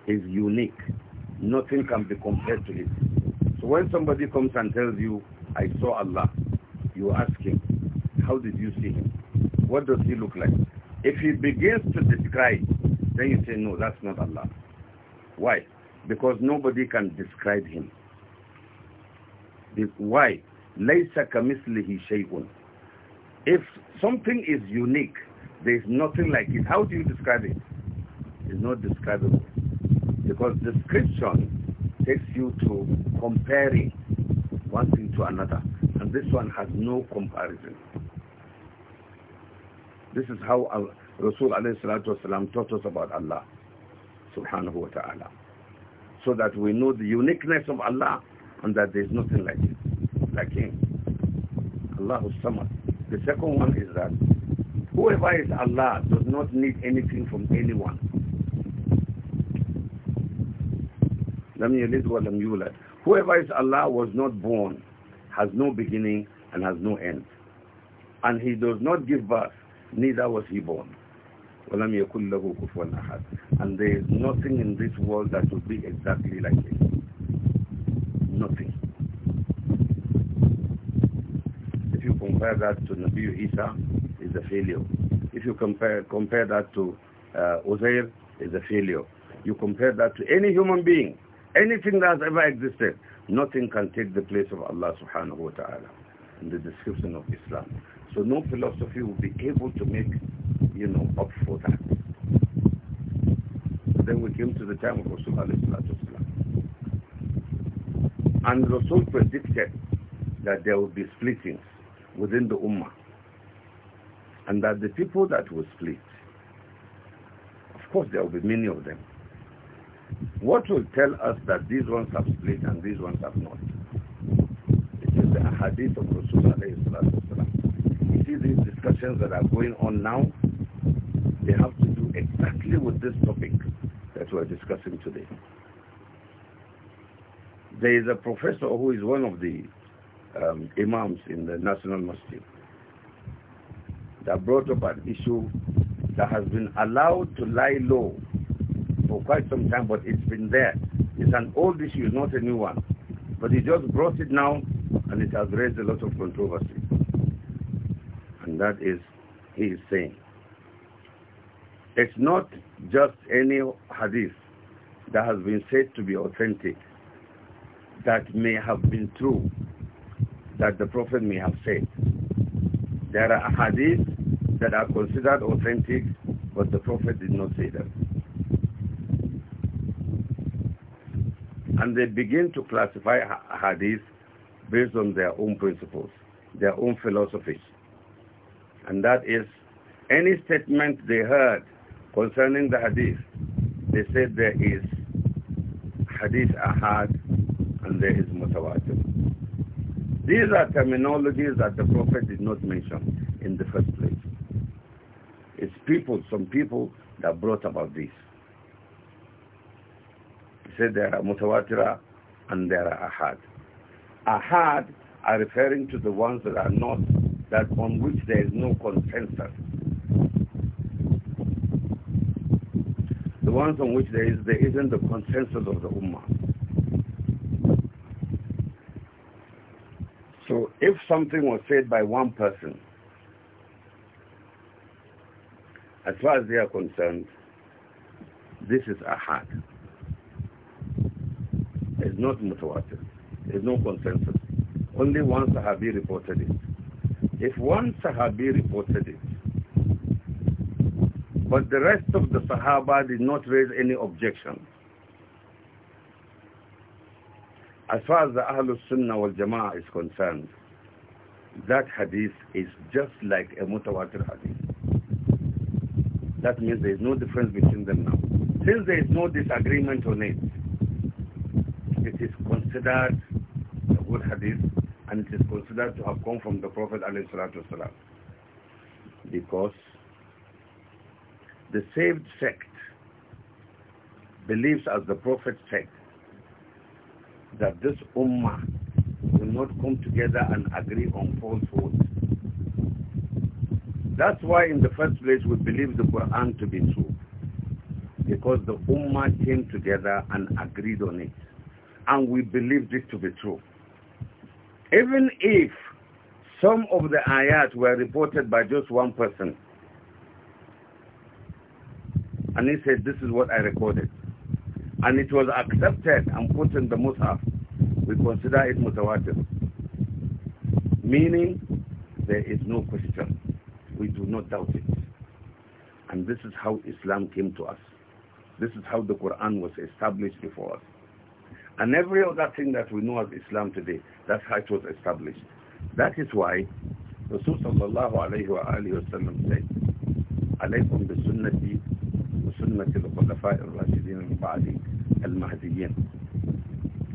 is unique, Nothing can be compared to it. So when somebody comes and tells you, I saw Allah, you ask him, how did you see him? What does he look like? If he begins to describe, then you say, no, that's not Allah. Why? Because nobody can describe him. Why? Laysa kamislihi shayun. If something is unique, there is nothing like it. How do you describe it? It's not describable because description takes you to comparing one thing to another and this one has no comparison this is how Al Rasul والسلام, taught us about Allah subhanahu wa ta'ala so that we know the uniqueness of Allah and that there is nothing like him like him Allahu the second one is that whoever is Allah does not need anything from anyone لم يلد ولم يولد. Whoever is Allah was not born, has no beginning and has no end. And he does not give birth, neither was he born. ولم يكن له كفوا أحد. And there is nothing in this world that would be exactly like him. Nothing. If you compare that to Nabi Isa, is a failure. If you compare compare that to uh, Uzair, is a failure. You compare that to any human being, anything that has ever existed, nothing can take the place of Allah subhanahu wa ta'ala in the description of Islam. So no philosophy will be able to make, you know, up for that. Then we came to the time of Rasul And Rasul predicted that there would be splittings within the Ummah. And that the people that will split, of course there will be many of them, what will tell us that these ones have split and these ones have not? It is the hadith of Rasulullah. You see these discussions that are going on now, they have to do exactly with this topic that we are discussing today. There is a professor who is one of the um, imams in the National Mosque that brought up an issue that has been allowed to lie low for quite some time, but it's been there. It's an old issue, not a new one. But he just brought it now, and it has raised a lot of controversy. And that is, he is saying, it's not just any hadith that has been said to be authentic that may have been true, that the Prophet may have said. There are hadiths that are considered authentic, but the Prophet did not say them. and they begin to classify hadith based on their own principles, their own philosophies. And that is any statement they heard concerning the hadith, they said there is hadith ahad and there is mutawatir. These are terminologies that the Prophet did not mention in the first place. It's people, some people that brought about this said there are mutawatira and there are ahad. Ahad are referring to the ones that are not, that on which there is no consensus. The ones on which there is there isn't the consensus of the ummah. So if something was said by one person, as far as they are concerned, this is ahad. It's not mutawatir. There's no consensus. Only one Sahabi reported it. If one Sahabi reported it, but the rest of the Sahaba did not raise any objection, as far as the Ahlul Sunnah wal Jama'ah is concerned, that hadith is just like a mutawatir hadith. That means there is no difference between them now. Since there is no disagreement on it, it is considered a good hadith and it is considered to have come from the Prophet والسلام, because the saved sect believes as the Prophet said, that this ummah will not come together and agree on falsehood. That's why in the first place we believe the Quran to be true because the ummah came together and agreed on it and we believed it to be true. Even if some of the ayat were reported by just one person, and he said, this is what I recorded. And it was accepted and put in the Mus'haf. We consider it mutawatir. Meaning, there is no question. We do not doubt it. And this is how Islam came to us. This is how the Quran was established before us and every other thing that we know as Islam today. That's how it was established. That is why Rasul sallallahu alayhi wa alayhi wa sallam said, عليكم بسنتي وسنة الخلفاء الراشدين من بعدي المهديين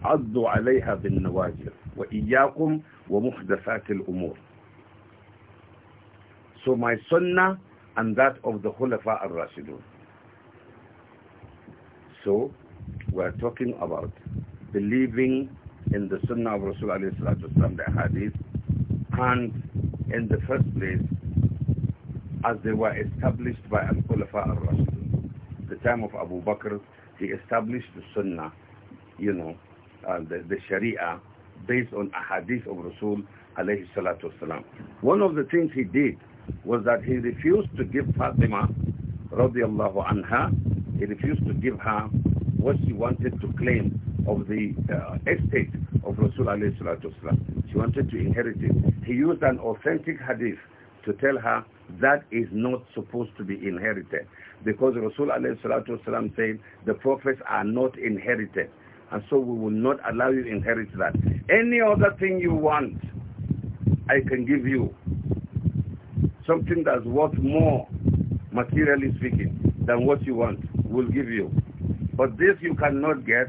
عضوا عليها بالنواجر وإياكم ومحدثات الأمور So my sunnah and that of the Khulafa al-Rashidun. So, we're talking about believing in the Sunnah of Rasul والسلام, the Hadith, and in the first place, as they were established by Al-Khulafa al-Rasul. The time of Abu Bakr, he established the Sunnah, you know, uh, the, the Sharia, based on a Hadith of Rasul alayhi salatu wasalam. One of the things he did was that he refused to give Fatima radiallahu anha, he refused to give her what she wanted to claim of the uh, estate of Rasulullah She wanted to inherit it. He used an authentic hadith to tell her that is not supposed to be inherited because Rasulullah said the prophets are not inherited and so we will not allow you inherit that. Any other thing you want, I can give you. Something that's worth more, materially speaking, than what you want, will give you. But this you cannot get,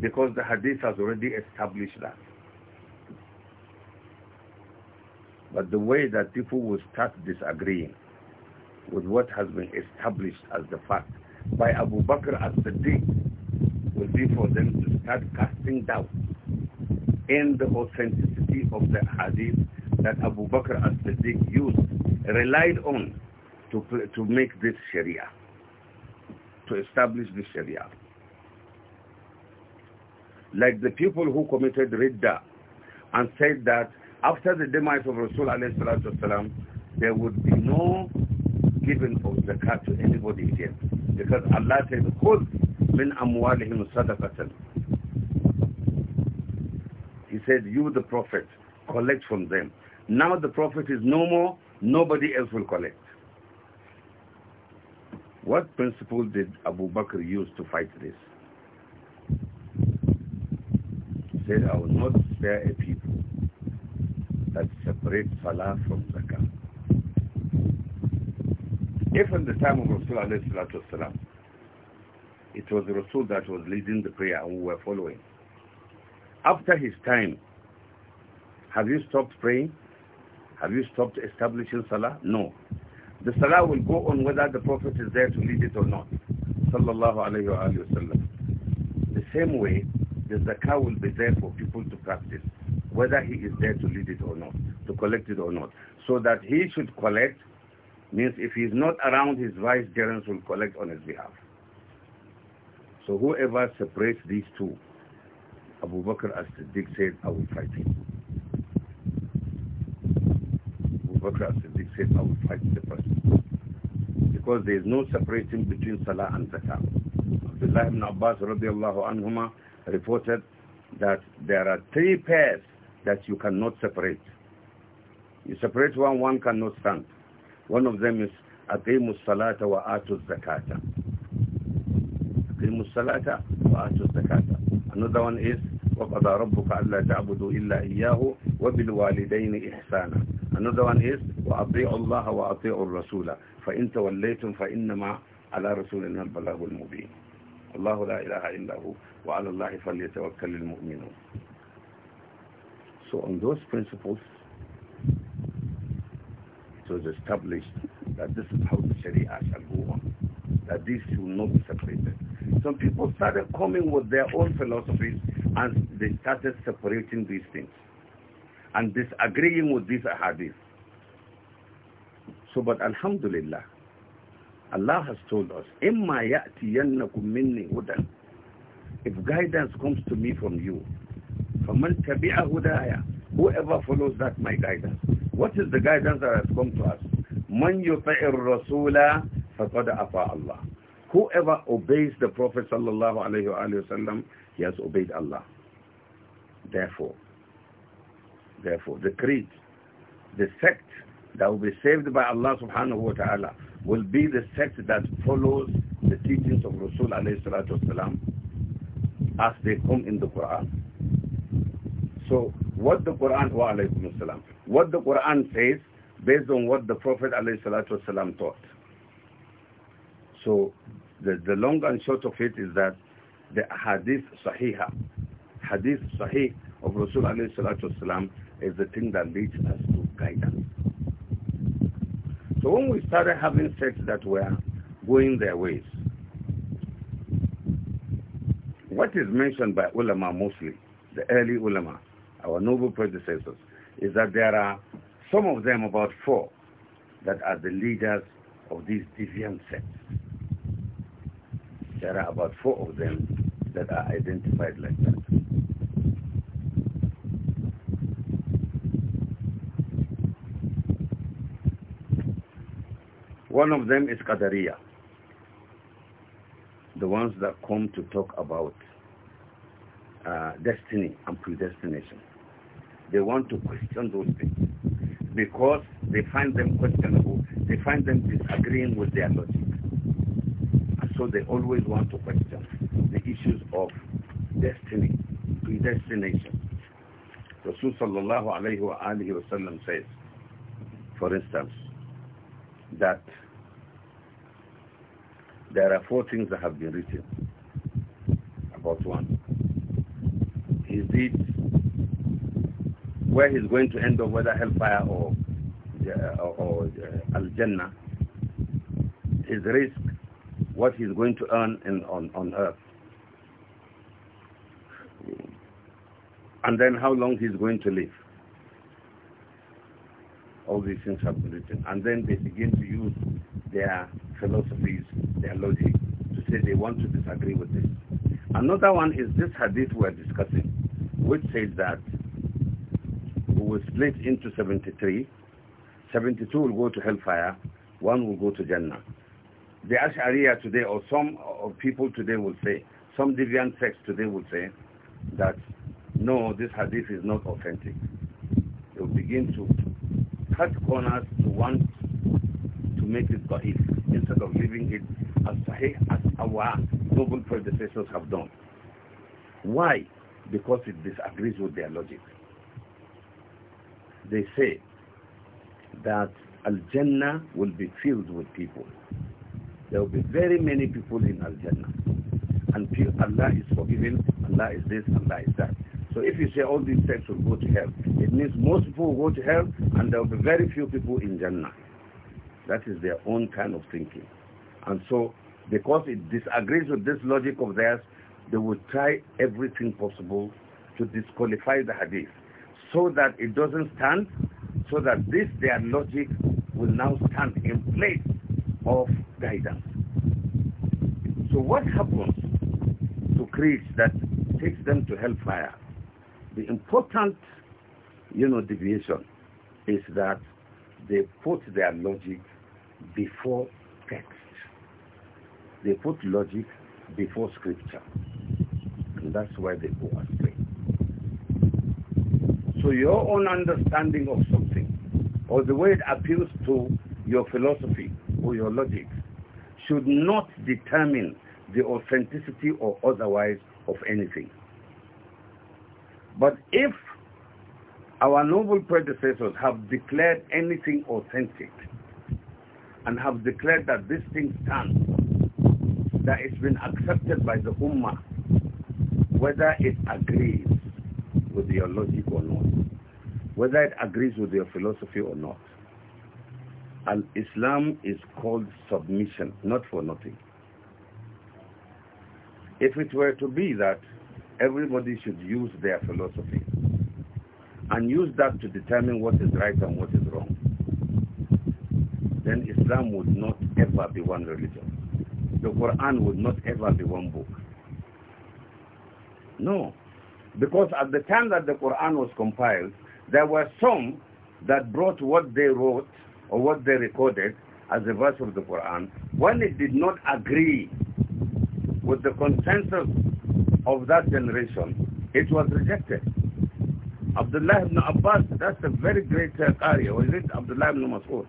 because the hadith has already established that. But the way that people will start disagreeing with what has been established as the fact by Abu Bakr as-Siddiq will be for them to start casting doubt in the authenticity of the hadith that Abu Bakr as-Siddiq used, relied on to, to make this Sharia, to establish this Sharia like the people who committed Ridda and said that after the demise of Rasul والسلام, there would be no giving of zakat to anybody again. Because Allah said, Khud min amwalihim sadaqatan. He said, you the Prophet, collect from them. Now the Prophet is no more, nobody else will collect. What principle did Abu Bakr use to fight this? said, I will not spare a people that separate Salah from Zakah. If in the time of Rasul والسلام, it was Rasul that was leading the prayer and we were following. After his time, have you stopped praying? Have you stopped establishing Salah? No. The Salah will go on whether the Prophet is there to lead it or not. Sallallahu alayhi wa The same way, the zakah will be there for people to practice, whether he is there to lead it or not, to collect it or not. So that he should collect means if he is not around, his vicegerents will collect on his behalf. So whoever separates these two, Abu Bakr as-Siddiq said, I will fight him. Abu Bakr as-Siddiq said, I will fight the person. Because there is no separating between Salah and zakah. Abdullah ibn Abbas radiallahu reported that there are three pairs that you cannot separate. You separate one, one cannot stand. One of them is Aqimu Salata wa Atu Zakata. Aqimu Salata wa Atu Zakata. Another one is وَقَضَى رَبُّكَ أَلَّا تَعْبُدُوا إِلَّا إِيَّاهُ وَبِالْوَالِدَيْنِ إِحْسَانًا Another one is وَأَطِيعُوا اللَّهَ وَأَطِيعُوا الرَّسُولَ فَإِنْ تَوَلَّيْتُمْ فَإِنَّمَا عَلَى رَسُولِنَا الْبَلَغُ الْمُبِينَ الله لا إله إلا هو وعلى الله فليتوكل المؤمنون So on those principles, it was established that this is how the Sharia shall go on, that these should not be separated. Some people started coming with their own philosophies and they started separating these things and disagreeing with these hadith. So, but Alhamdulillah, Allah has told us, إِمَّا يَأْتِيَنَّكُمْ If guidance comes to me from you, فَمَنْ تَبِعَ هُدَايَ Whoever follows that, my guidance. What is the guidance that has come to us? مَنْ يُطَعِ الرَّسُولَ فَقَدْ أَطَاعَ اللَّهِ Whoever obeys the Prophet sallallahu alayhi wa sallam, he has obeyed Allah. Therefore, therefore, the creed, the sect that will be saved by Allah subhanahu wa ta'ala will be the sect that follows the teachings of Rasul alayhi salatu wasalam as they come in the Quran. So what the Quran, wa alaykum what the Quran says based on what the Prophet alayhi salatu wasalam taught. So the, the long and short of it is that the hadith sahiha, hadith sahih of Rasul alayhi salatu wasalam is the thing that leads us to guidance. So when we started having sects that were going their ways, what is mentioned by ulama mostly, the early ulama, our noble predecessors, is that there are some of them, about four, that are the leaders of these deviant sects. There are about four of them that are identified like that. One of them is Qadariya. The ones that come to talk about uh, destiny and predestination. They want to question those things because they find them questionable. They find them disagreeing with their logic. And so they always want to question the issues of destiny, predestination. Rasul sallallahu alayhi wa alayhi wa sallam says, for instance, that there are four things that have been written about one. is it where he's going to end up, whether hellfire or, uh, or uh, al-Jannah, his risk, what he's going to earn in, on, on earth. And then how long he's going to live. All these things have been written. And then they begin to use their philosophies, their logic, to say they want to disagree with this. Another one is this hadith we're discussing, which says that we will split into 73, 72 will go to hellfire, one will go to Jannah. The Ash'ariya today, or some of people today will say, some deviant sects today will say that, no, this hadith is not authentic. They will begin to cut corners to want make it da'if instead of leaving it as sahih as our noble predecessors have done. Why? Because it disagrees with their logic. They say that Al-Jannah will be filled with people. There will be very many people in Al-Jannah. Until Allah is forgiving, Allah is this, Allah is that. So if you say all these sects will go to hell, it means most people will go to hell and there will be very few people in Jannah. That is their own kind of thinking. And so, because it disagrees with this logic of theirs, they will try everything possible to disqualify the hadith so that it doesn't stand, so that this, their logic, will now stand in place of guidance. So what happens to creeds that takes them to hellfire? The important, you know, deviation is that they put their logic before text. They put logic before scripture. And that's why they go astray. So your own understanding of something or the way it appeals to your philosophy or your logic should not determine the authenticity or otherwise of anything. But if our noble predecessors have declared anything authentic, and have declared that this thing stands, that it's been accepted by the Ummah, whether it agrees with your logic or not, whether it agrees with your philosophy or not. And Islam is called submission, not for nothing. If it were to be that everybody should use their philosophy and use that to determine what is right and what is then Islam would not ever be one religion. The Quran would not ever be one book. No. Because at the time that the Quran was compiled, there were some that brought what they wrote or what they recorded as a verse of the Quran when it did not agree with the consensus of that generation, it was rejected. Abdullah ibn Abbas, that's a very great uh, qari, or is it Abdullah ibn Mas'ud?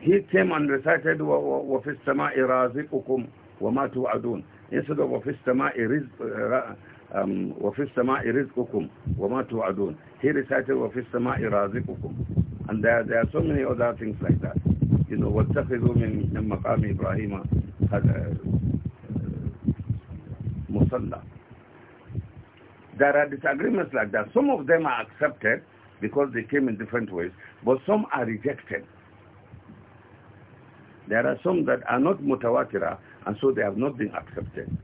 he came and recited وَفِي السَّمَاءِ رَازِقُكُمْ وَمَا تُوْعَدُونَ instead of وَفِي السَّمَاءِ رِزْقُكُمْ um, وَفِي السَّمَاءِ رِزْقُكُمْ وَمَا تُوْعَدُونَ he recited وَفِي السَّمَاءِ رَازِقُكُمْ and there, there are so many other things like that you know what وَاتَّخِذُوا مِن Ibrahim? إِبْرَاهِيمَ مُصَلَّى uh, there are disagreements like that some of them are accepted because they came in different ways but some are rejected there are some that are not mutawatira, and so they have not been accepted.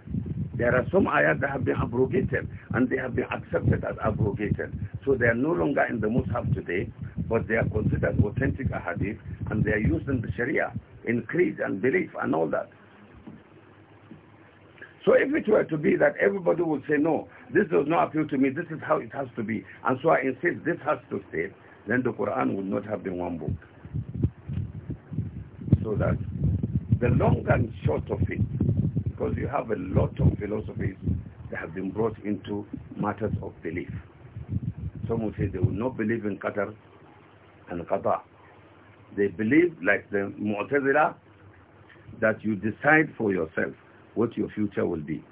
There are some ayat that have been abrogated, and they have been accepted as abrogated. So they are no longer in the Mus'haf today, but they are considered authentic ahadith, and they are used in the Sharia, in creed and belief and all that. So if it were to be that everybody would say, no, this does not appeal to me, this is how it has to be, and so I insist this has to stay, then the Quran would not have been one book so that the long and short of it, because you have a lot of philosophies that have been brought into matters of belief. Some will say they will not believe in Qatar and Qatar. They believe, like the Mu'tazila, that you decide for yourself what your future will be.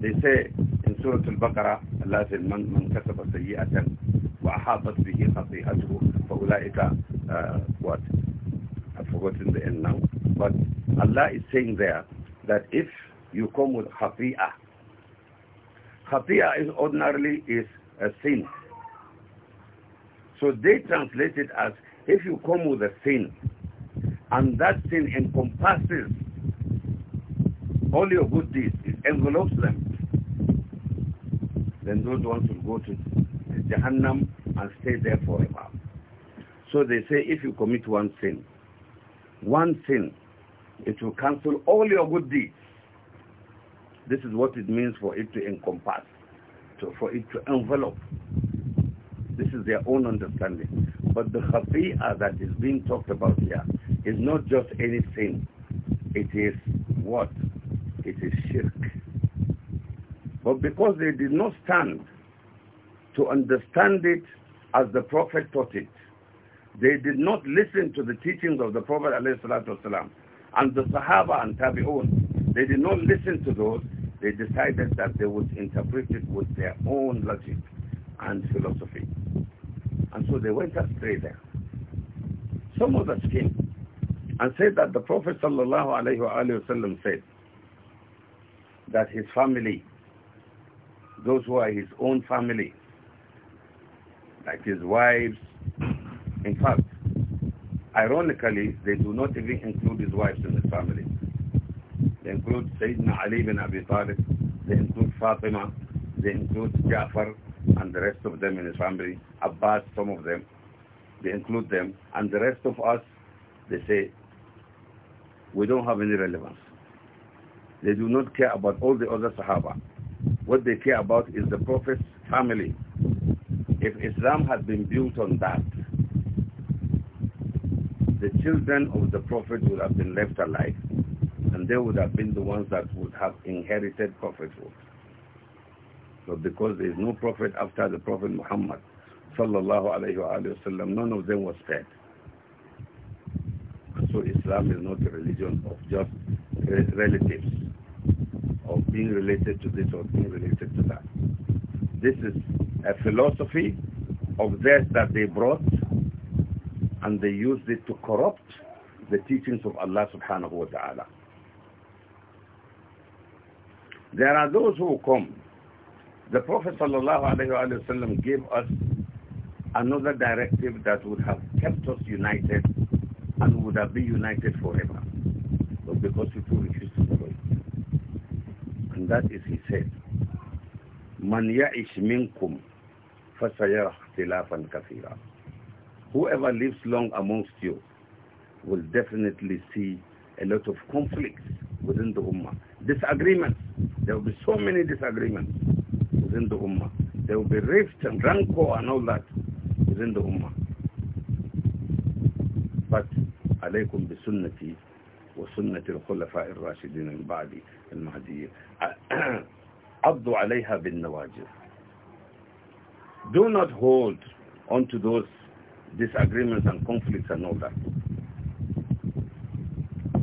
They say in Surah Al-Baqarah, Allah said, من, من كتب سيئة وأحاطت به خطيئته فأولئك uh, what? I've forgotten the end now. But Allah is saying there that if you come with khati'ah, khati'ah is ordinarily is a sin. So they translate it as if you come with a sin and that sin encompasses all your good deeds, it envelopes them, then those ones will go to Jahannam and stay there forever. So they say if you commit one sin, one sin, it will cancel all your good deeds. This is what it means for it to encompass, to, for it to envelop. This is their own understanding. But the khafi'ah that is being talked about here is not just any sin. It is what? It is shirk. But because they did not stand to understand it as the Prophet taught it, they did not listen to the teachings of the Prophet ﷺ and the Sahaba and Tabi'un. They did not listen to those. They decided that they would interpret it with their own logic and philosophy. And so they went astray there. Some of us came and said that the Prophet ﷺ said that his family, those who are his own family, like his wives, in fact, ironically, they do not even include his wives in the family. They include Sayyidina Ali bin Abi Talib, they include Fatima, they include Ja'far and the rest of them in his family, Abbas, some of them. They include them. And the rest of us, they say, we don't have any relevance. They do not care about all the other Sahaba. What they care about is the Prophet's family. If Islam had been built on that, the children of the prophet would have been left alive and they would have been the ones that would have inherited prophethood. So because there is no prophet after the Prophet Muhammad sallallahu alayhi wa none of them was spared. So Islam is not a religion of just relatives, of being related to this or being related to that. This is a philosophy of theirs that they brought and they used it to corrupt the teachings of Allah subhanahu wa ta'ala. There are those who come. The Prophet sallallahu alayhi wa gave us another directive that would have kept us united and would have been united forever. But because people refused to follow it. And that is, he said, "Man يعش منكم فسيرى اختلافا كثيرا whoever lives long amongst you will definitely see a lot of conflicts within the Ummah. Disagreements. There will be so many disagreements within the Ummah. There will be rifts and rancor and all that within the Ummah. But alaykum bi sunnati wa sunnati al-khulafa al-rashidin al-ba'di al-mahdiyya. Addu alayha bin nawajir. Do not hold onto those disagreements and conflicts and all that.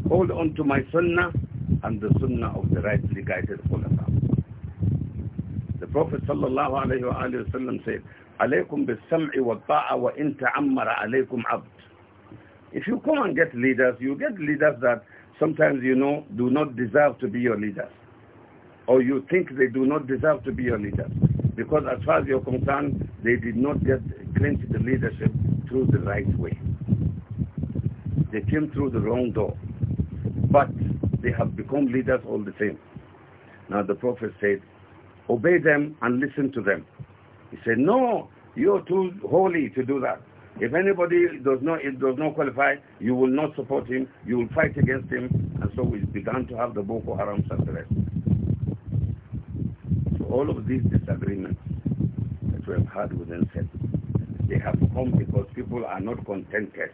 Hold on to my sunnah and the sunnah of the rightly guided ulama. The Prophet sallallahu alayhi wa sallam said, alaykum bis-sam'i wat-ta'a wa in ta'ammara alaykum 'abd. If you come and get leaders, you get leaders that sometimes you know do not deserve to be your leaders. Or you think they do not deserve to be your leaders. Because as far as you're concerned, they did not get clinch the leadership through the right way. They came through the wrong door. But they have become leaders all the same. Now the Prophet said, obey them and listen to them. He said, no, you're too holy to do that. If anybody does not, it does not qualify, you will not support him, you will fight against him. And so we began to have the Boko Haram and the rest all of these disagreements that we have had with themselves, they have come because people are not contented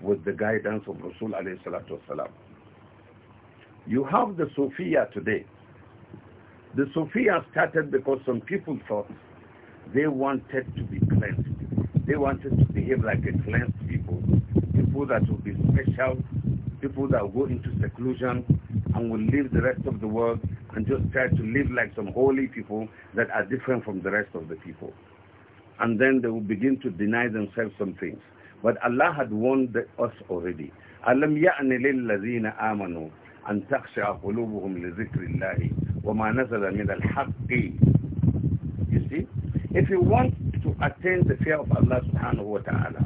with the guidance of Rasul alayhi salatu wasalam. You have the Sophia today. The Sophia started because some people thought they wanted to be cleansed. They wanted to behave like a cleansed people, people that will be special, people that will go into seclusion and will leave the rest of the world and just try to live like some holy people that are different from the rest of the people. And then they will begin to deny themselves some things. But Allah had warned us already. أَلَمْ يَأْنِ لِلَّذِينَ آمَنُوا أَن تَخْشَعَ قُلُوبُهُمْ لِذِكْرِ اللَّهِ وَمَا نَزَلَ مِنَ الْحَقِّ You see? If you want to attain the fear of Allah subhanahu wa ta'ala,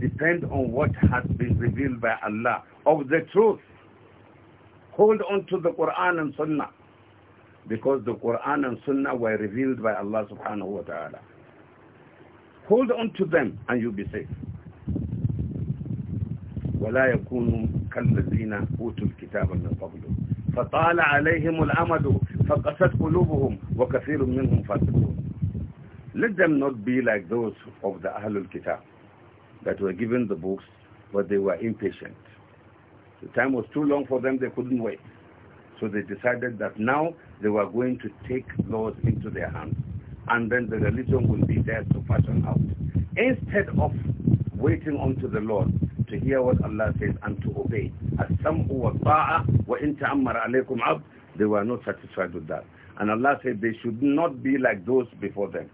depend on what has been revealed by Allah of the truth. Hold on to the Quran and Sunnah. Because the Quran and Sunnah were revealed by Allah subhanahu wa ta'ala. Hold on to them and you'll be safe. ولا كالذين أوتوا الكتاب من فطال عليهم الأمد فقست قلوبهم وكثير منهم Let them not be like those of the Ahlul Kitab that were given the books but they were impatient. The time was too long for them, they couldn't wait. So they decided that now they were going to take laws into their hands. And then the religion will be there to fashion out. Instead of waiting unto the Lord to hear what Allah says and to obey. As-sam'u wa baah were in ta'ammara alaykum abd. They were not satisfied with that. And Allah said they should not be like those before them.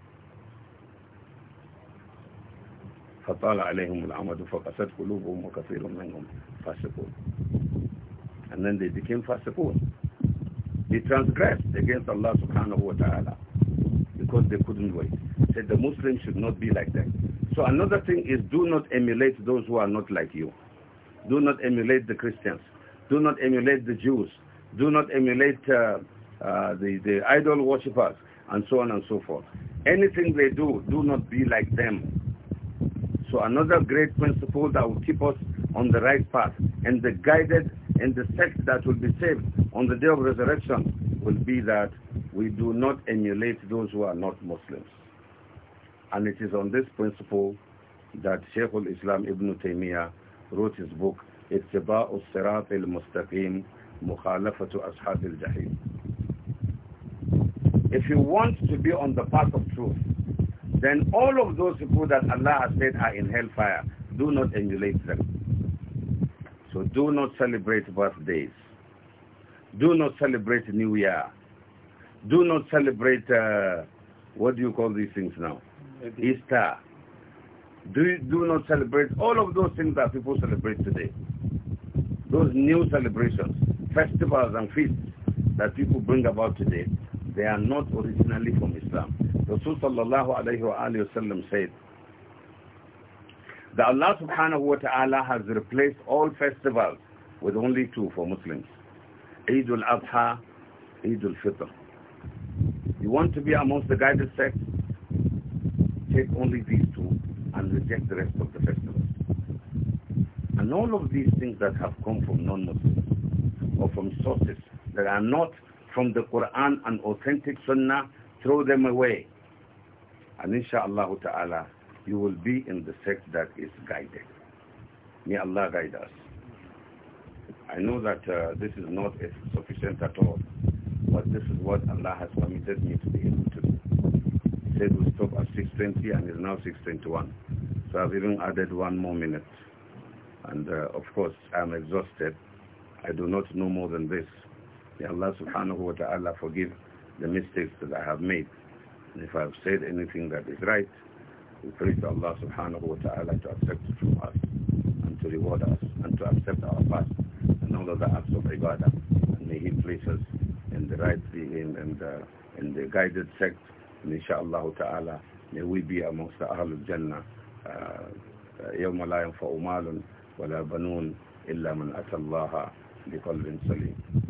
فطال عليهم العمد فقست قلوبهم وكثير منهم فاسقون and then they became fasiqun they transgressed against Allah subhanahu wa ta'ala because they couldn't wait said the Muslims should not be like that so another thing is do not emulate those who are not like you do not emulate the Christians do not emulate the Jews do not emulate uh, uh, the, the idol worshippers and so on and so forth anything they do do not be like them so another great principle that will keep us on the right path and the guided and the sect that will be saved on the day of resurrection will be that we do not emulate those who are not Muslims. And it is on this principle that sheik al-Islam Ibn Taymiyyah wrote his book, اتباع الصراط المستقيم مخالفة al الجحيم. If you want to be on the path of truth, then all of those people that Allah has said are in hellfire, do not emulate them. So do not celebrate birthdays. Do not celebrate New Year. Do not celebrate, uh, what do you call these things now? Easter. Do, do not celebrate all of those things that people celebrate today. Those new celebrations, festivals and feasts that people bring about today, they are not originally from Islam. Rasul sallallahu alayhi wa alayhi wa sallam said, that Allah subhanahu wa ta'ala has replaced all festivals with only two for Muslims. Eid al-Adha, Eid al-Fitr. You want to be amongst the guided sect? Take only these two and reject the rest of the festivals. And all of these things that have come from non-Muslims or from sources that are not from the Quran and authentic Sunnah, throw them away. And inshallah ta'ala, you will be in the sect that is guided. May Allah guide us. I know that uh, this is not sufficient at all, but this is what Allah has permitted me to be able to do. He said we stop at 6.20 and it's now 6.21. So I've even added one more minute. And uh, of course, I'm exhausted. I do not know more than this. May Allah subhanahu wa ta'ala forgive the mistakes that I have made. And if I have said anything that is right, we pray to Allah subhanahu wa ta'ala to accept it from us and to reward us and to accept our past and all other acts of ibadah. And may He place us in the right in, in, the, in the guided sect. And inshallah ta'ala, may we be amongst the Ahlul Jannah. Uh, يوم لا ينفع مال ولا بنون إلا من أتى الله بقلب سليم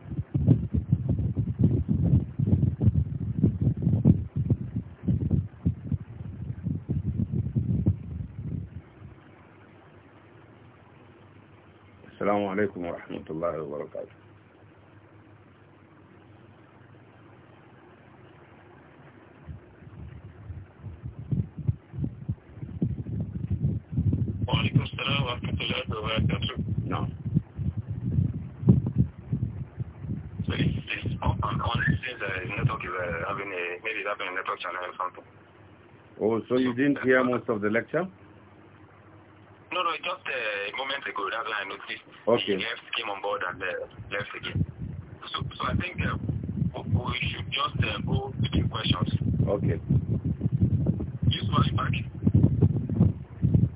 السلام عليكم ورحمة الله وبركاته So Oh, so you didn't hear most of the lecture? No, no, just uh, a moment ago. That's when I noticed okay. he left, came on board, and uh, left again. So, so I think uh, we should just uh, go to questions. Okay. Yusuf is back.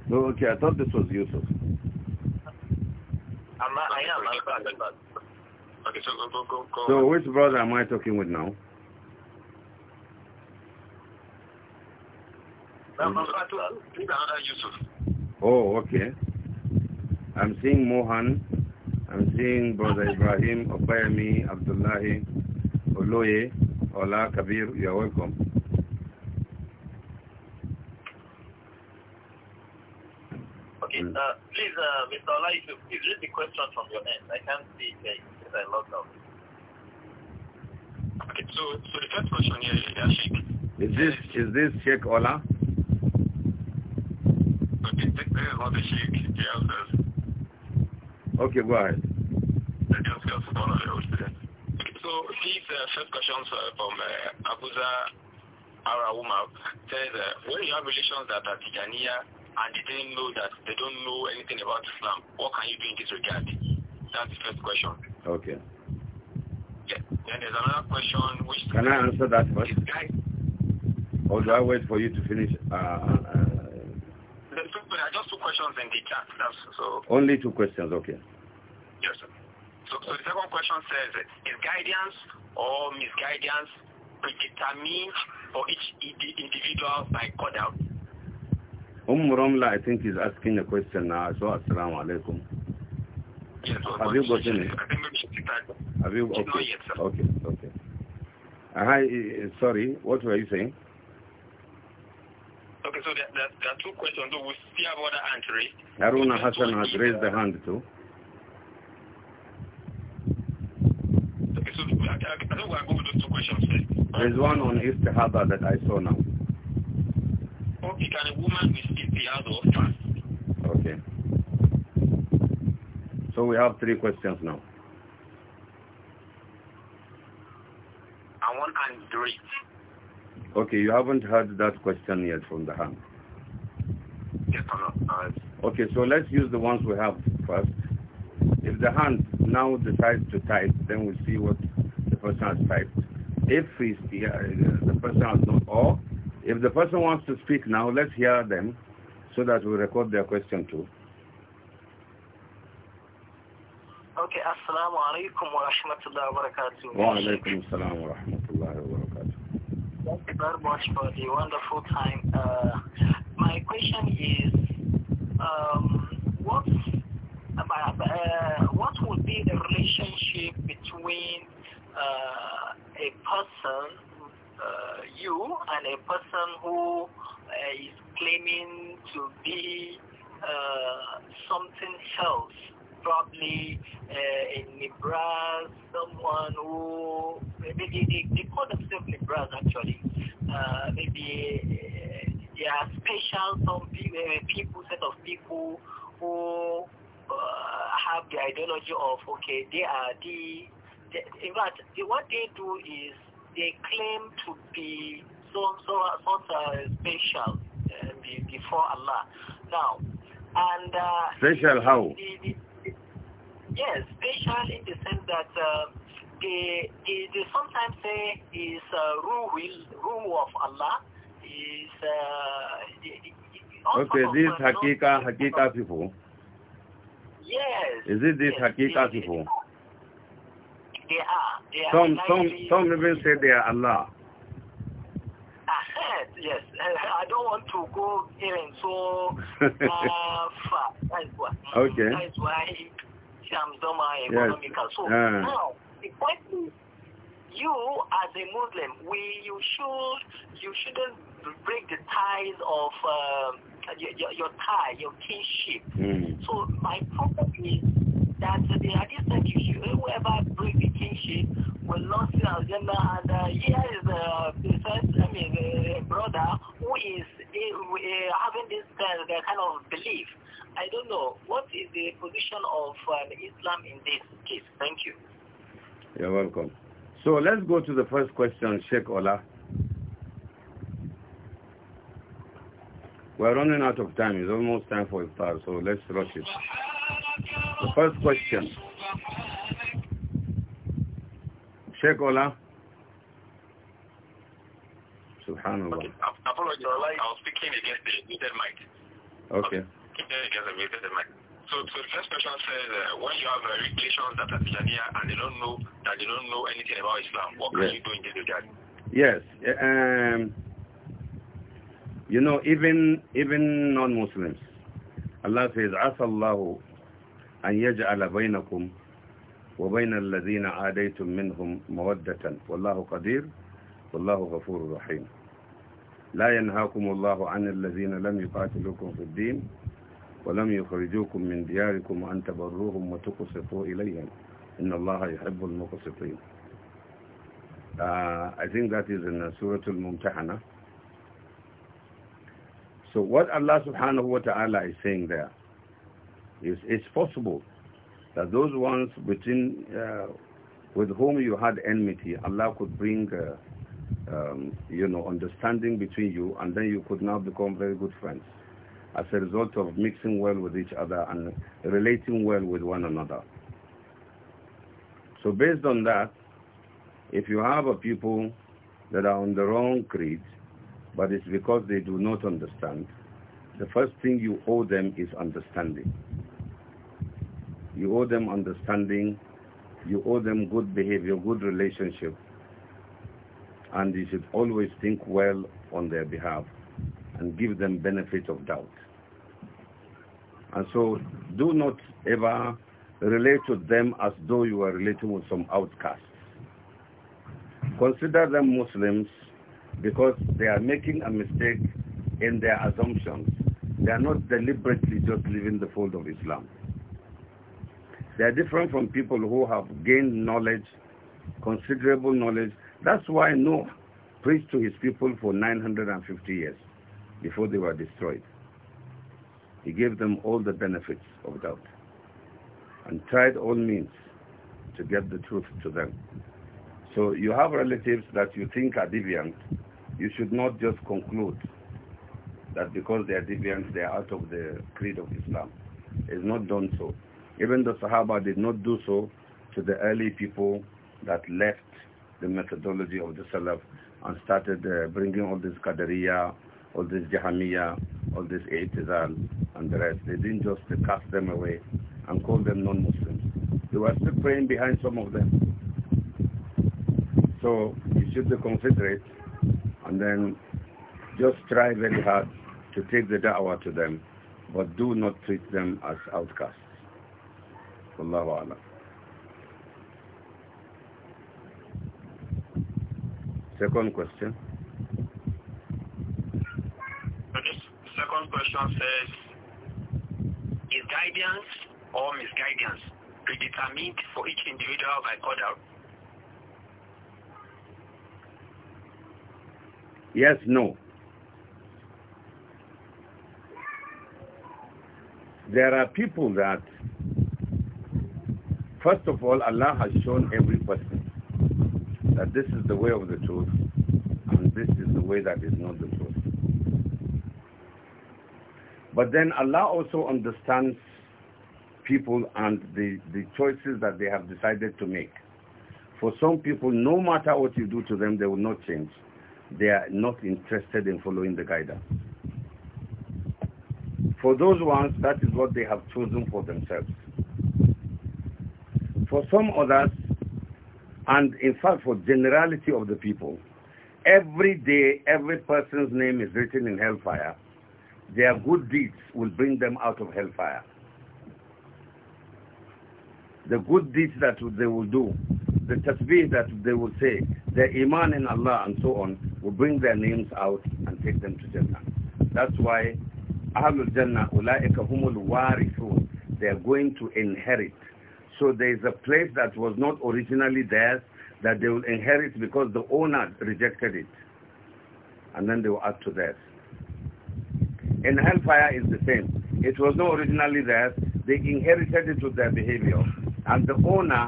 No, okay. I thought this was Yusuf. I'm not, I am. I'm back. Okay, so go, go, go, go. So which brother am I talking with now? Mm -hmm. Oh, okay. I'm seeing Mohan. I'm seeing Brother Ibrahim, Obayami, Abdullahi, Oloye, Ola, Kabir. You are welcome. Okay, uh, please, uh, Mr. Ola, if you, if you read the question from your end. I can't see it because uh, I logged out. Okay, so, so the first question here, yeah, uh, Sheikh. Is this, is this Sheikh Ola? Okay, this is Ola Sheikh, the elders. Okay, go ahead. So this uh, first question from uh, Abuza Arawuma says, uh, when you have relations that are Tijaniya and they didn't know that they don't know anything about Islam, what can you do in this regard? That's the first question. Okay. Yeah. Then there's another question which... Can I answer that first? Guy, or do I wait for you to finish uh, questions in the chat. That's, so Only two questions, okay. Yes, sir. So, so the second question says, is guidance or misguidance predetermined for each individual by God out? Um Ramla, I think, is asking a question now. So, assalamu alaikum. Yes, Have you gotten it? Have you? Okay. Yet, okay, okay. Uh, hi, uh, sorry, what were you saying? Okay, so there, there, there, are two questions. So we still have other entry. Haruna Hassan has raised the hand too. Okay, so I, I, I think we are going with those two questions first. There's one on Istihaba that I saw now. Okay, can a woman Okay. So we have three questions now. I want and Okay, you haven't heard that question yet from the hand. Yes, Okay, so let's use the ones we have first. If the hand now decides to type, then we'll see what the person has typed. If he's, yeah, the person has not, or if the person wants to speak now, let's hear them so that we record their question too. Okay, assalamu alaikum wa rahmatullahi wa barakatuh. Wa alaikum Thank you very much for the wonderful time. Uh, my question is, um, what uh, what would be the relationship between uh, a person, uh, you, and a person who uh, is claiming to be uh, something else? probably uh, in Nebraska, someone who, maybe they, they call themselves Nebraska actually. Uh, maybe uh, they are special, some people, uh, people, set of people who uh, have the ideology of, okay, they are the, the, in fact, what they do is they claim to be so, so, so special uh, before Allah. Now, and uh, special how? The, the, Yes, special in the sense that uh, they, they, they sometimes say is uh, rule rule of Allah is uh, okay. this hakika hakika people. Yes. Is it this yes, hakika they, people? They are. some some some even say they are Allah. Ahead, yes. I don't want to go even so uh, far. That is why. Mm, okay. That is why Yes. So uh. now, the question you as a Muslim, we you should you shouldn't break the ties of uh, your, your, your, tie, your kinship. Mm. So my problem is that the idea that you should whoever break the kinship will not see Aljanna. And uh, here is uh, the first, I mean, uh, brother who is uh, having this uh, kind of belief. I don't know. What is the position of uh, Islam in this case? Thank you. You're welcome. So let's go to the first question, Sheikh Ola. We're running out of time. It's almost time for iftar, so let's rush it. The first question. Sheikh Ola. Subhanallah. Okay. I apologize. I was speaking against the muted mic. Okay. So, so the first question says, uh, when you have uh, relations that are Tijaniya and they don't know that they don't know anything about Islam, what yes. can you do in this regard? Yes. Um, you know, even even non-Muslims, Allah says, عَسَى اللَّهُ أَنْ يَجْعَلَ بَيْنَكُمْ وَبَيْنَ الَّذِينَ عَادَيْتُمْ Minhum مَوَدَّةً Wallahu Qadir. والله غفور رحيم لا ينهاكم الله عن الذين لم يقاتلوكم في الدين ولم يخرجوكم من دياركم أن تبروهم وتقسطوا إليهم إن الله يحب المقسطين uh, I think that is in Surah Al-Mumtahana So what Allah subhanahu wa ta'ala is saying there is it's possible that those ones between, uh, with whom you had enmity, Allah could bring uh, um, you know, understanding between you, and then you could now become very good friends as a result of mixing well with each other and relating well with one another. So based on that, if you have a people that are on the wrong creed, but it's because they do not understand, the first thing you owe them is understanding. You owe them understanding, you owe them good behavior, good relationship, and you should always think well on their behalf and give them benefit of doubt. And so do not ever relate to them as though you are relating with some outcasts. Consider them Muslims because they are making a mistake in their assumptions. They are not deliberately just leaving the fold of Islam. They are different from people who have gained knowledge, considerable knowledge, that's why Noah preached to his people for 950 years before they were destroyed. He gave them all the benefits of doubt and tried all means to get the truth to them. So you have relatives that you think are deviant. You should not just conclude that because they are deviant, they are out of the creed of Islam. It's not done so. Even the Sahaba did not do so to the early people that left the methodology of the Salaf and started uh, bringing all this Qadariya, all this Jahamiya, all this Aitizal and the rest. They didn't just uh, cast them away and call them non-Muslims. They were still praying behind some of them. So you should be considerate and then just try very hard to take the da'wah to them, but do not treat them as outcasts. Wallahu alam. Second question. Second question says, is guidance or misguidance predetermined for each individual by order? Yes, no. There are people that, first of all, Allah has shown every person that this is the way of the truth and this is the way that is not the truth. But then Allah also understands people and the, the choices that they have decided to make. For some people, no matter what you do to them, they will not change. They are not interested in following the guidance. For those ones, that is what they have chosen for themselves. For some others, and in fact, for generality of the people, every day, every person's name is written in hellfire. Their good deeds will bring them out of hellfire. The good deeds that they will do, the tasbih that they will say, their iman in Allah and so on, will bring their names out and take them to Jannah. That's why Ahlul Jannah, ulaika humul warithun. They are going to inherit so there is a place that was not originally theirs that they will inherit because the owner rejected it. And then they will add to theirs. And hellfire is the same. It was not originally theirs. They inherited it with their behavior. And the owner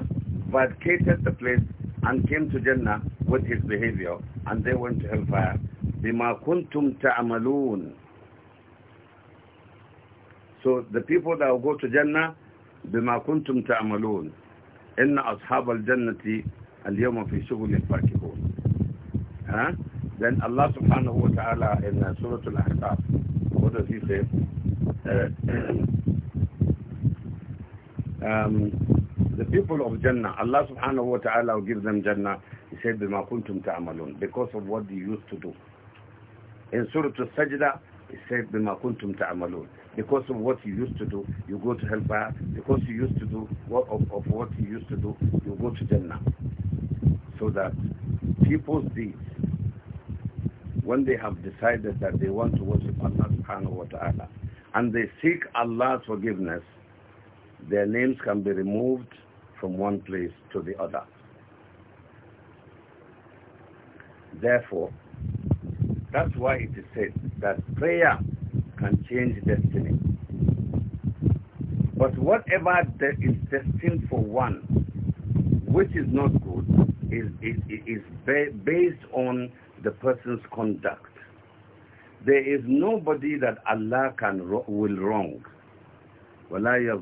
vacated the place and came to Jannah with his behavior. And they went to hellfire. بِمَا كُنْتُمْ تَعْمَلُونَ So the people that will go to Jannah بما كنتم تعملون إن أصحاب الجنة اليوم في شغل فاكهون ها لأن الله سبحانه وتعالى إن سورة الأحقاف وده في خير the people of Jannah, Allah subhanahu wa ta'ala will give them Jannah. He said, بِمَا كُنْتُمْ تَعْمَلُونَ Because of what you used to do. In Surah Al-Sajdah, He said, بِمَا كُنْتُمْ تَعْمَلُونَ Because of what you used to do, you go to hellfire. Because you used to do what of, of what you used to do, you go to Jannah. So that people's deeds, when they have decided that they want to worship Allah subhanahu wa ta'ala, and they seek Allah's forgiveness, their names can be removed from one place to the other. Therefore, that's why it is said that prayer can change destiny. But whatever that is destined for one, which is not good, is, is, is ba based on the person's conduct. There is nobody that Allah can will wrong. Allah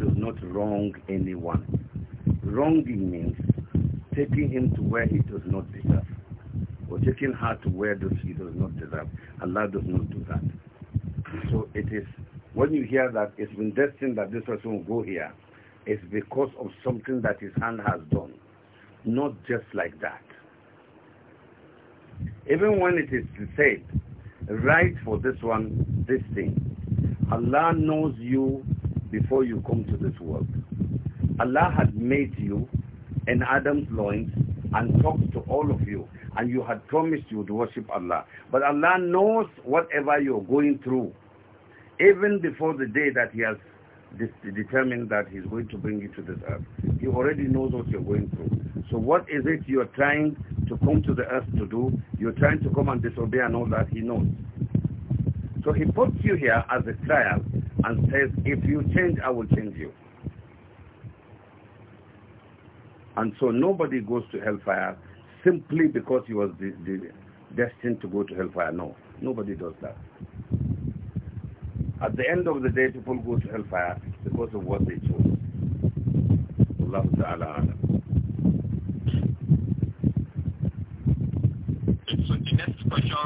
does not wrong anyone. Wronging means taking him to where he does not deserve or taking her to where does she does not deserve. Allah does not do that. So it is, when you hear that it's been destined that this person will go here, it's because of something that his hand has done. Not just like that. Even when it is said, write for this one, this thing. Allah knows you before you come to this world. Allah had made you in Adam's loins and talked to all of you and you had promised you would worship Allah. But Allah knows whatever you're going through, even before the day that He has determined that He's going to bring you to this earth. He already knows what you're going through. So what is it you're trying to come to the earth to do? You're trying to come and disobey and all that. He knows. So He puts you here as a trial and says, if you change, I will change you. And so nobody goes to hellfire simply because he was the, the destined to go to hellfire. No, nobody does that. At the end of the day, people go to hellfire because of what they chose. Allah Ta'ala. So the next question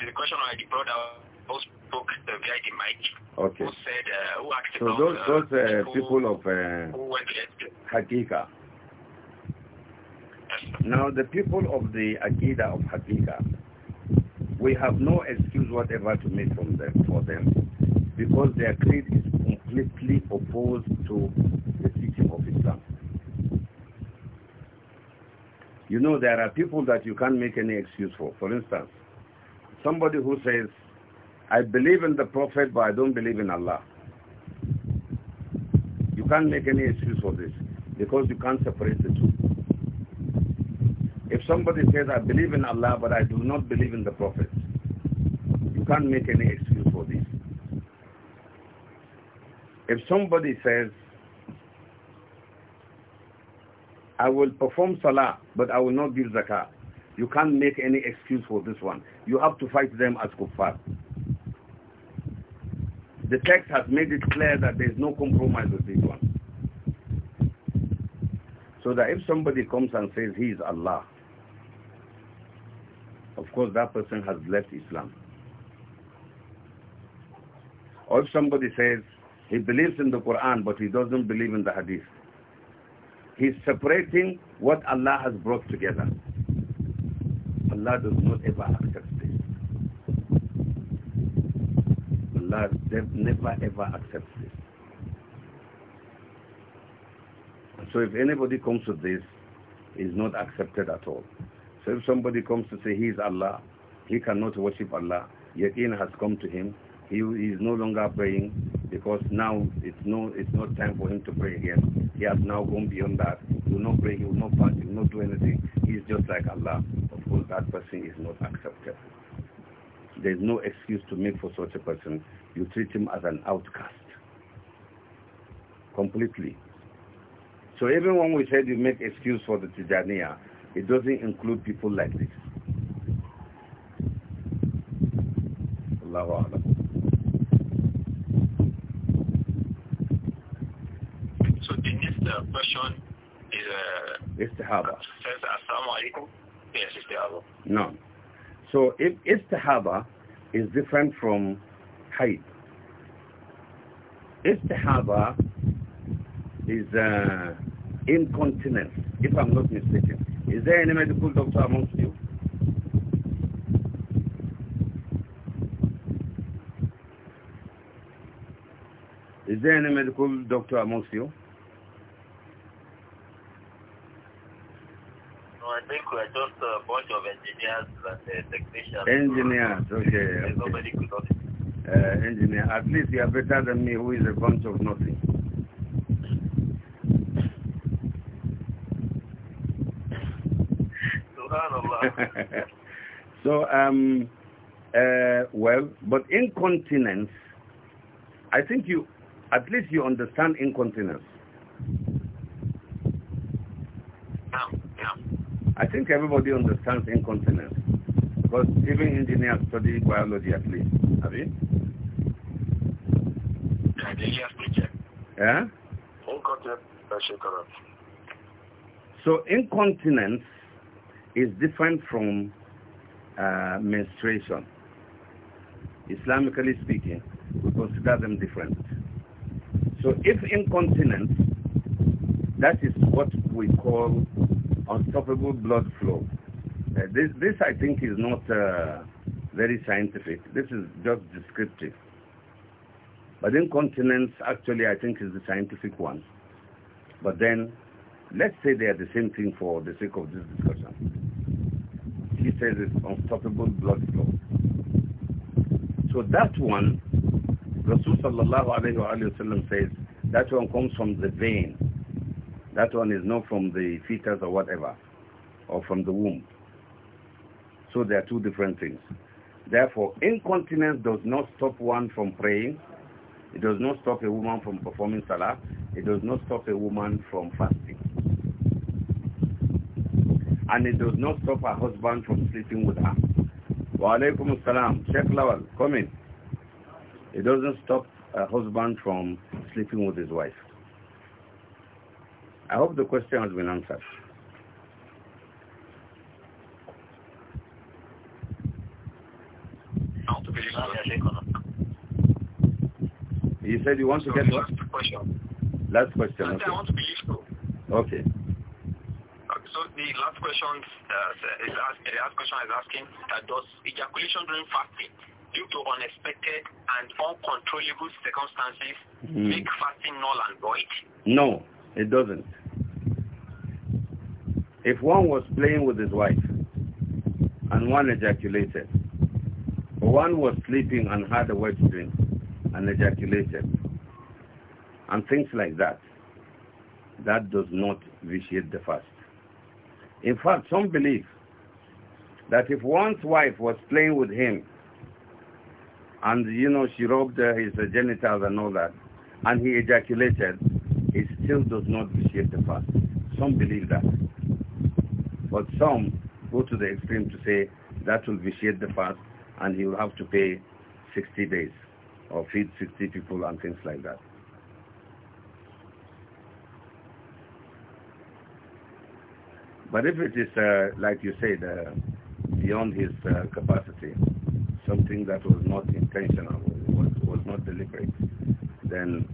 is a question I brought out who spoke uh, via the mic. Okay. Who said, uh, who asked so about, those, uh, those uh, people who, of uh, Hakika. Now the people of the Agida of Hakika, we have no excuse whatever to make from them, for them because their creed is completely opposed to the teaching of Islam. You know, there are people that you can't make any excuse for. For instance, somebody who says, I believe in the Prophet, but I don't believe in Allah. You can't make any excuse for this because you can't separate the two somebody says, I believe in Allah, but I do not believe in the Prophet, you can't make any excuse for this. If somebody says, I will perform salah, but I will not give zakah, you can't make any excuse for this one. You have to fight them as kuffar. The text has made it clear that there is no compromise with this one. So that if somebody comes and says he is Allah, of course that person has left Islam. Or if somebody says he believes in the Quran but he doesn't believe in the Hadith, he's separating what Allah has brought together. Allah does not ever accept this. Allah never ever accepts this. So if anybody comes with this, it's not accepted at all. So if somebody comes to say he is Allah, he cannot worship Allah, yaqeen has come to him, he is no longer praying because now it's no it's not time for him to pray again. He has now gone beyond that. He will not pray, he will not fast, he will not do anything. He is just like Allah. Of course that person is not accepted. There is no excuse to make for such a person. You treat him as an outcast. Completely. So even when we said you make excuse for the Tijaniya, it doesn't include people like this. Allahu Akbar. So the next uh, question is... Uh, istihaba. Says, Assalamu Yes, istihaba. No. So if istihaba is different from haid. Istihaba is uh, incontinence, if I'm not mistaken. Is there any medical doctor amongst you? Is there any medical doctor amongst you? No, I think we're just a bunch of engineers and uh, technicians. Engineers, okay. okay. Nobody could uh, engineer, at least you are better than me who is a bunch of nothing. so, um, uh, well, but incontinence, I think you, at least you understand incontinence. Yeah, yeah. I think everybody understands incontinence. Because even engineers study biology at least. Have you? Yeah? Incontinence. So incontinence is different from uh, menstruation. Islamically speaking, we consider them different. So if incontinence, that is what we call unstoppable blood flow. Uh, this, this I think is not uh, very scientific. This is just descriptive. But incontinence actually I think is the scientific one. But then let's say they are the same thing for the sake of this discussion he says is unstoppable blood flow. So that one, Rasul sallallahu alayhi wa, sallam says, that one comes from the vein. That one is not from the fetus or whatever, or from the womb. So there are two different things. Therefore, incontinence does not stop one from praying. It does not stop a woman from performing salah. It does not stop a woman from fasting and it does not stop her husband from sleeping with her. Wa alaikum salam. Sheikh Lawal, come in. It doesn't stop a husband from sleeping with his wife. I hope the question has been answered. You said you want to get what? Last question. Last question. Okay the last question uh, is the last question asking uh, does ejaculation during fasting due to unexpected and uncontrollable circumstances mm. make fasting null and void? No, it doesn't. If one was playing with his wife and one ejaculated, one was sleeping and had a wet dream and ejaculated, and things like that, that does not vitiate the fast. In fact, some believe that if one's wife was playing with him and, you know, she rubbed his genitals and all that, and he ejaculated, he still does not vitiate the fast. Some believe that. But some go to the extreme to say that will vitiate the fast and he will have to pay 60 days or feed 60 people and things like that. But if it is, uh, like you said, uh, beyond his uh, capacity, something that was not intentional, was, was not deliberate, then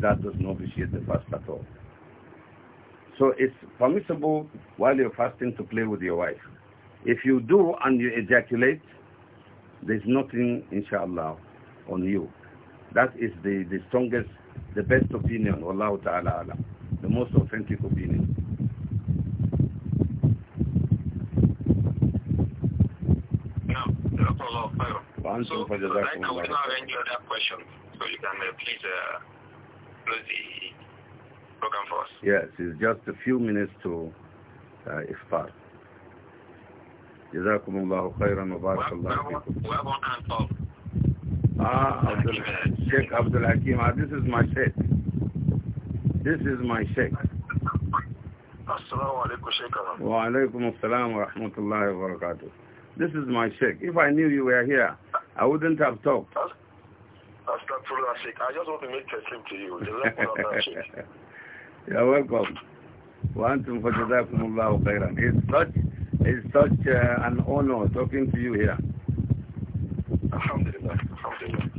that does not vitiate the fast at all. So it's permissible while you're fasting to play with your wife. If you do and you ejaculate, there's nothing, inshallah, on you. That is the, the strongest, the best opinion, Allah ta'ala, the most authentic opinion. answering so, for the so right now, we don't have any other question, so you can uh, please uh, close the program for us. Yes, it's just a few minutes to uh, expire. جزاكم الله خيرا وبارك الله فيكم. Ah, Abdul, Sheikh Abdul Hakim, ah, this is my Sheikh. This is my Sheikh. Assalamu alaikum, Sheikh. Wa alaikum assalam wa rahmatullahi wa barakatuh. This is my Sheikh. If I knew you were here, I wouldn't have talked. That's, that's not true, I just want to make a claim to you. You're welcome. وأنتم فجزاكم الله خيرا. It's such, it's such uh, an honor talking to you here.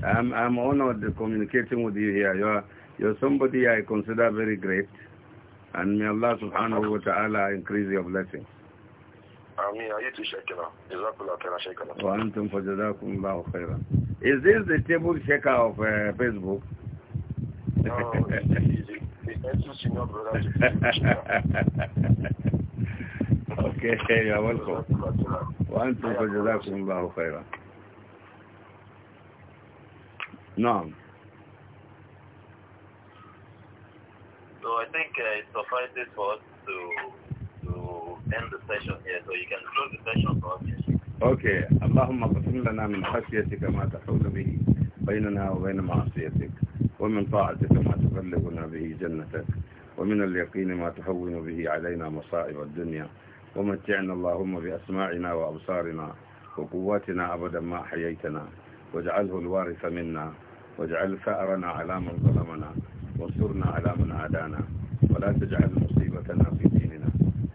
I'm, I'm honored communicating with you here. You're, you're somebody I consider very great. And may Allah subhanahu wa ta'ala increase your blessings. Amin. Ayatu Shekina. Jazakullah khaira Shekina. Wa antum fajazakumullahu Is this the table shaker of uh, Facebook? No, it's, it's, it's okay, you're welcome. وأنتم فجزاكم No. So I think uh, it suffices for us to Okay. اللهم اقسم لنا من خشيتك ما تحول به بيننا وبين معصيتك ومن طاعتك ما تبلغنا به جنتك ومن اليقين ما تهون به علينا مصائب الدنيا ومتعنا اللهم بأسماعنا وأبصارنا وقواتنا أبدا ما حييتنا واجعله الوارث منا واجعل ثأرنا على من ظلمنا وانصرنا على من عادانا ولا تجعل مصيبتنا في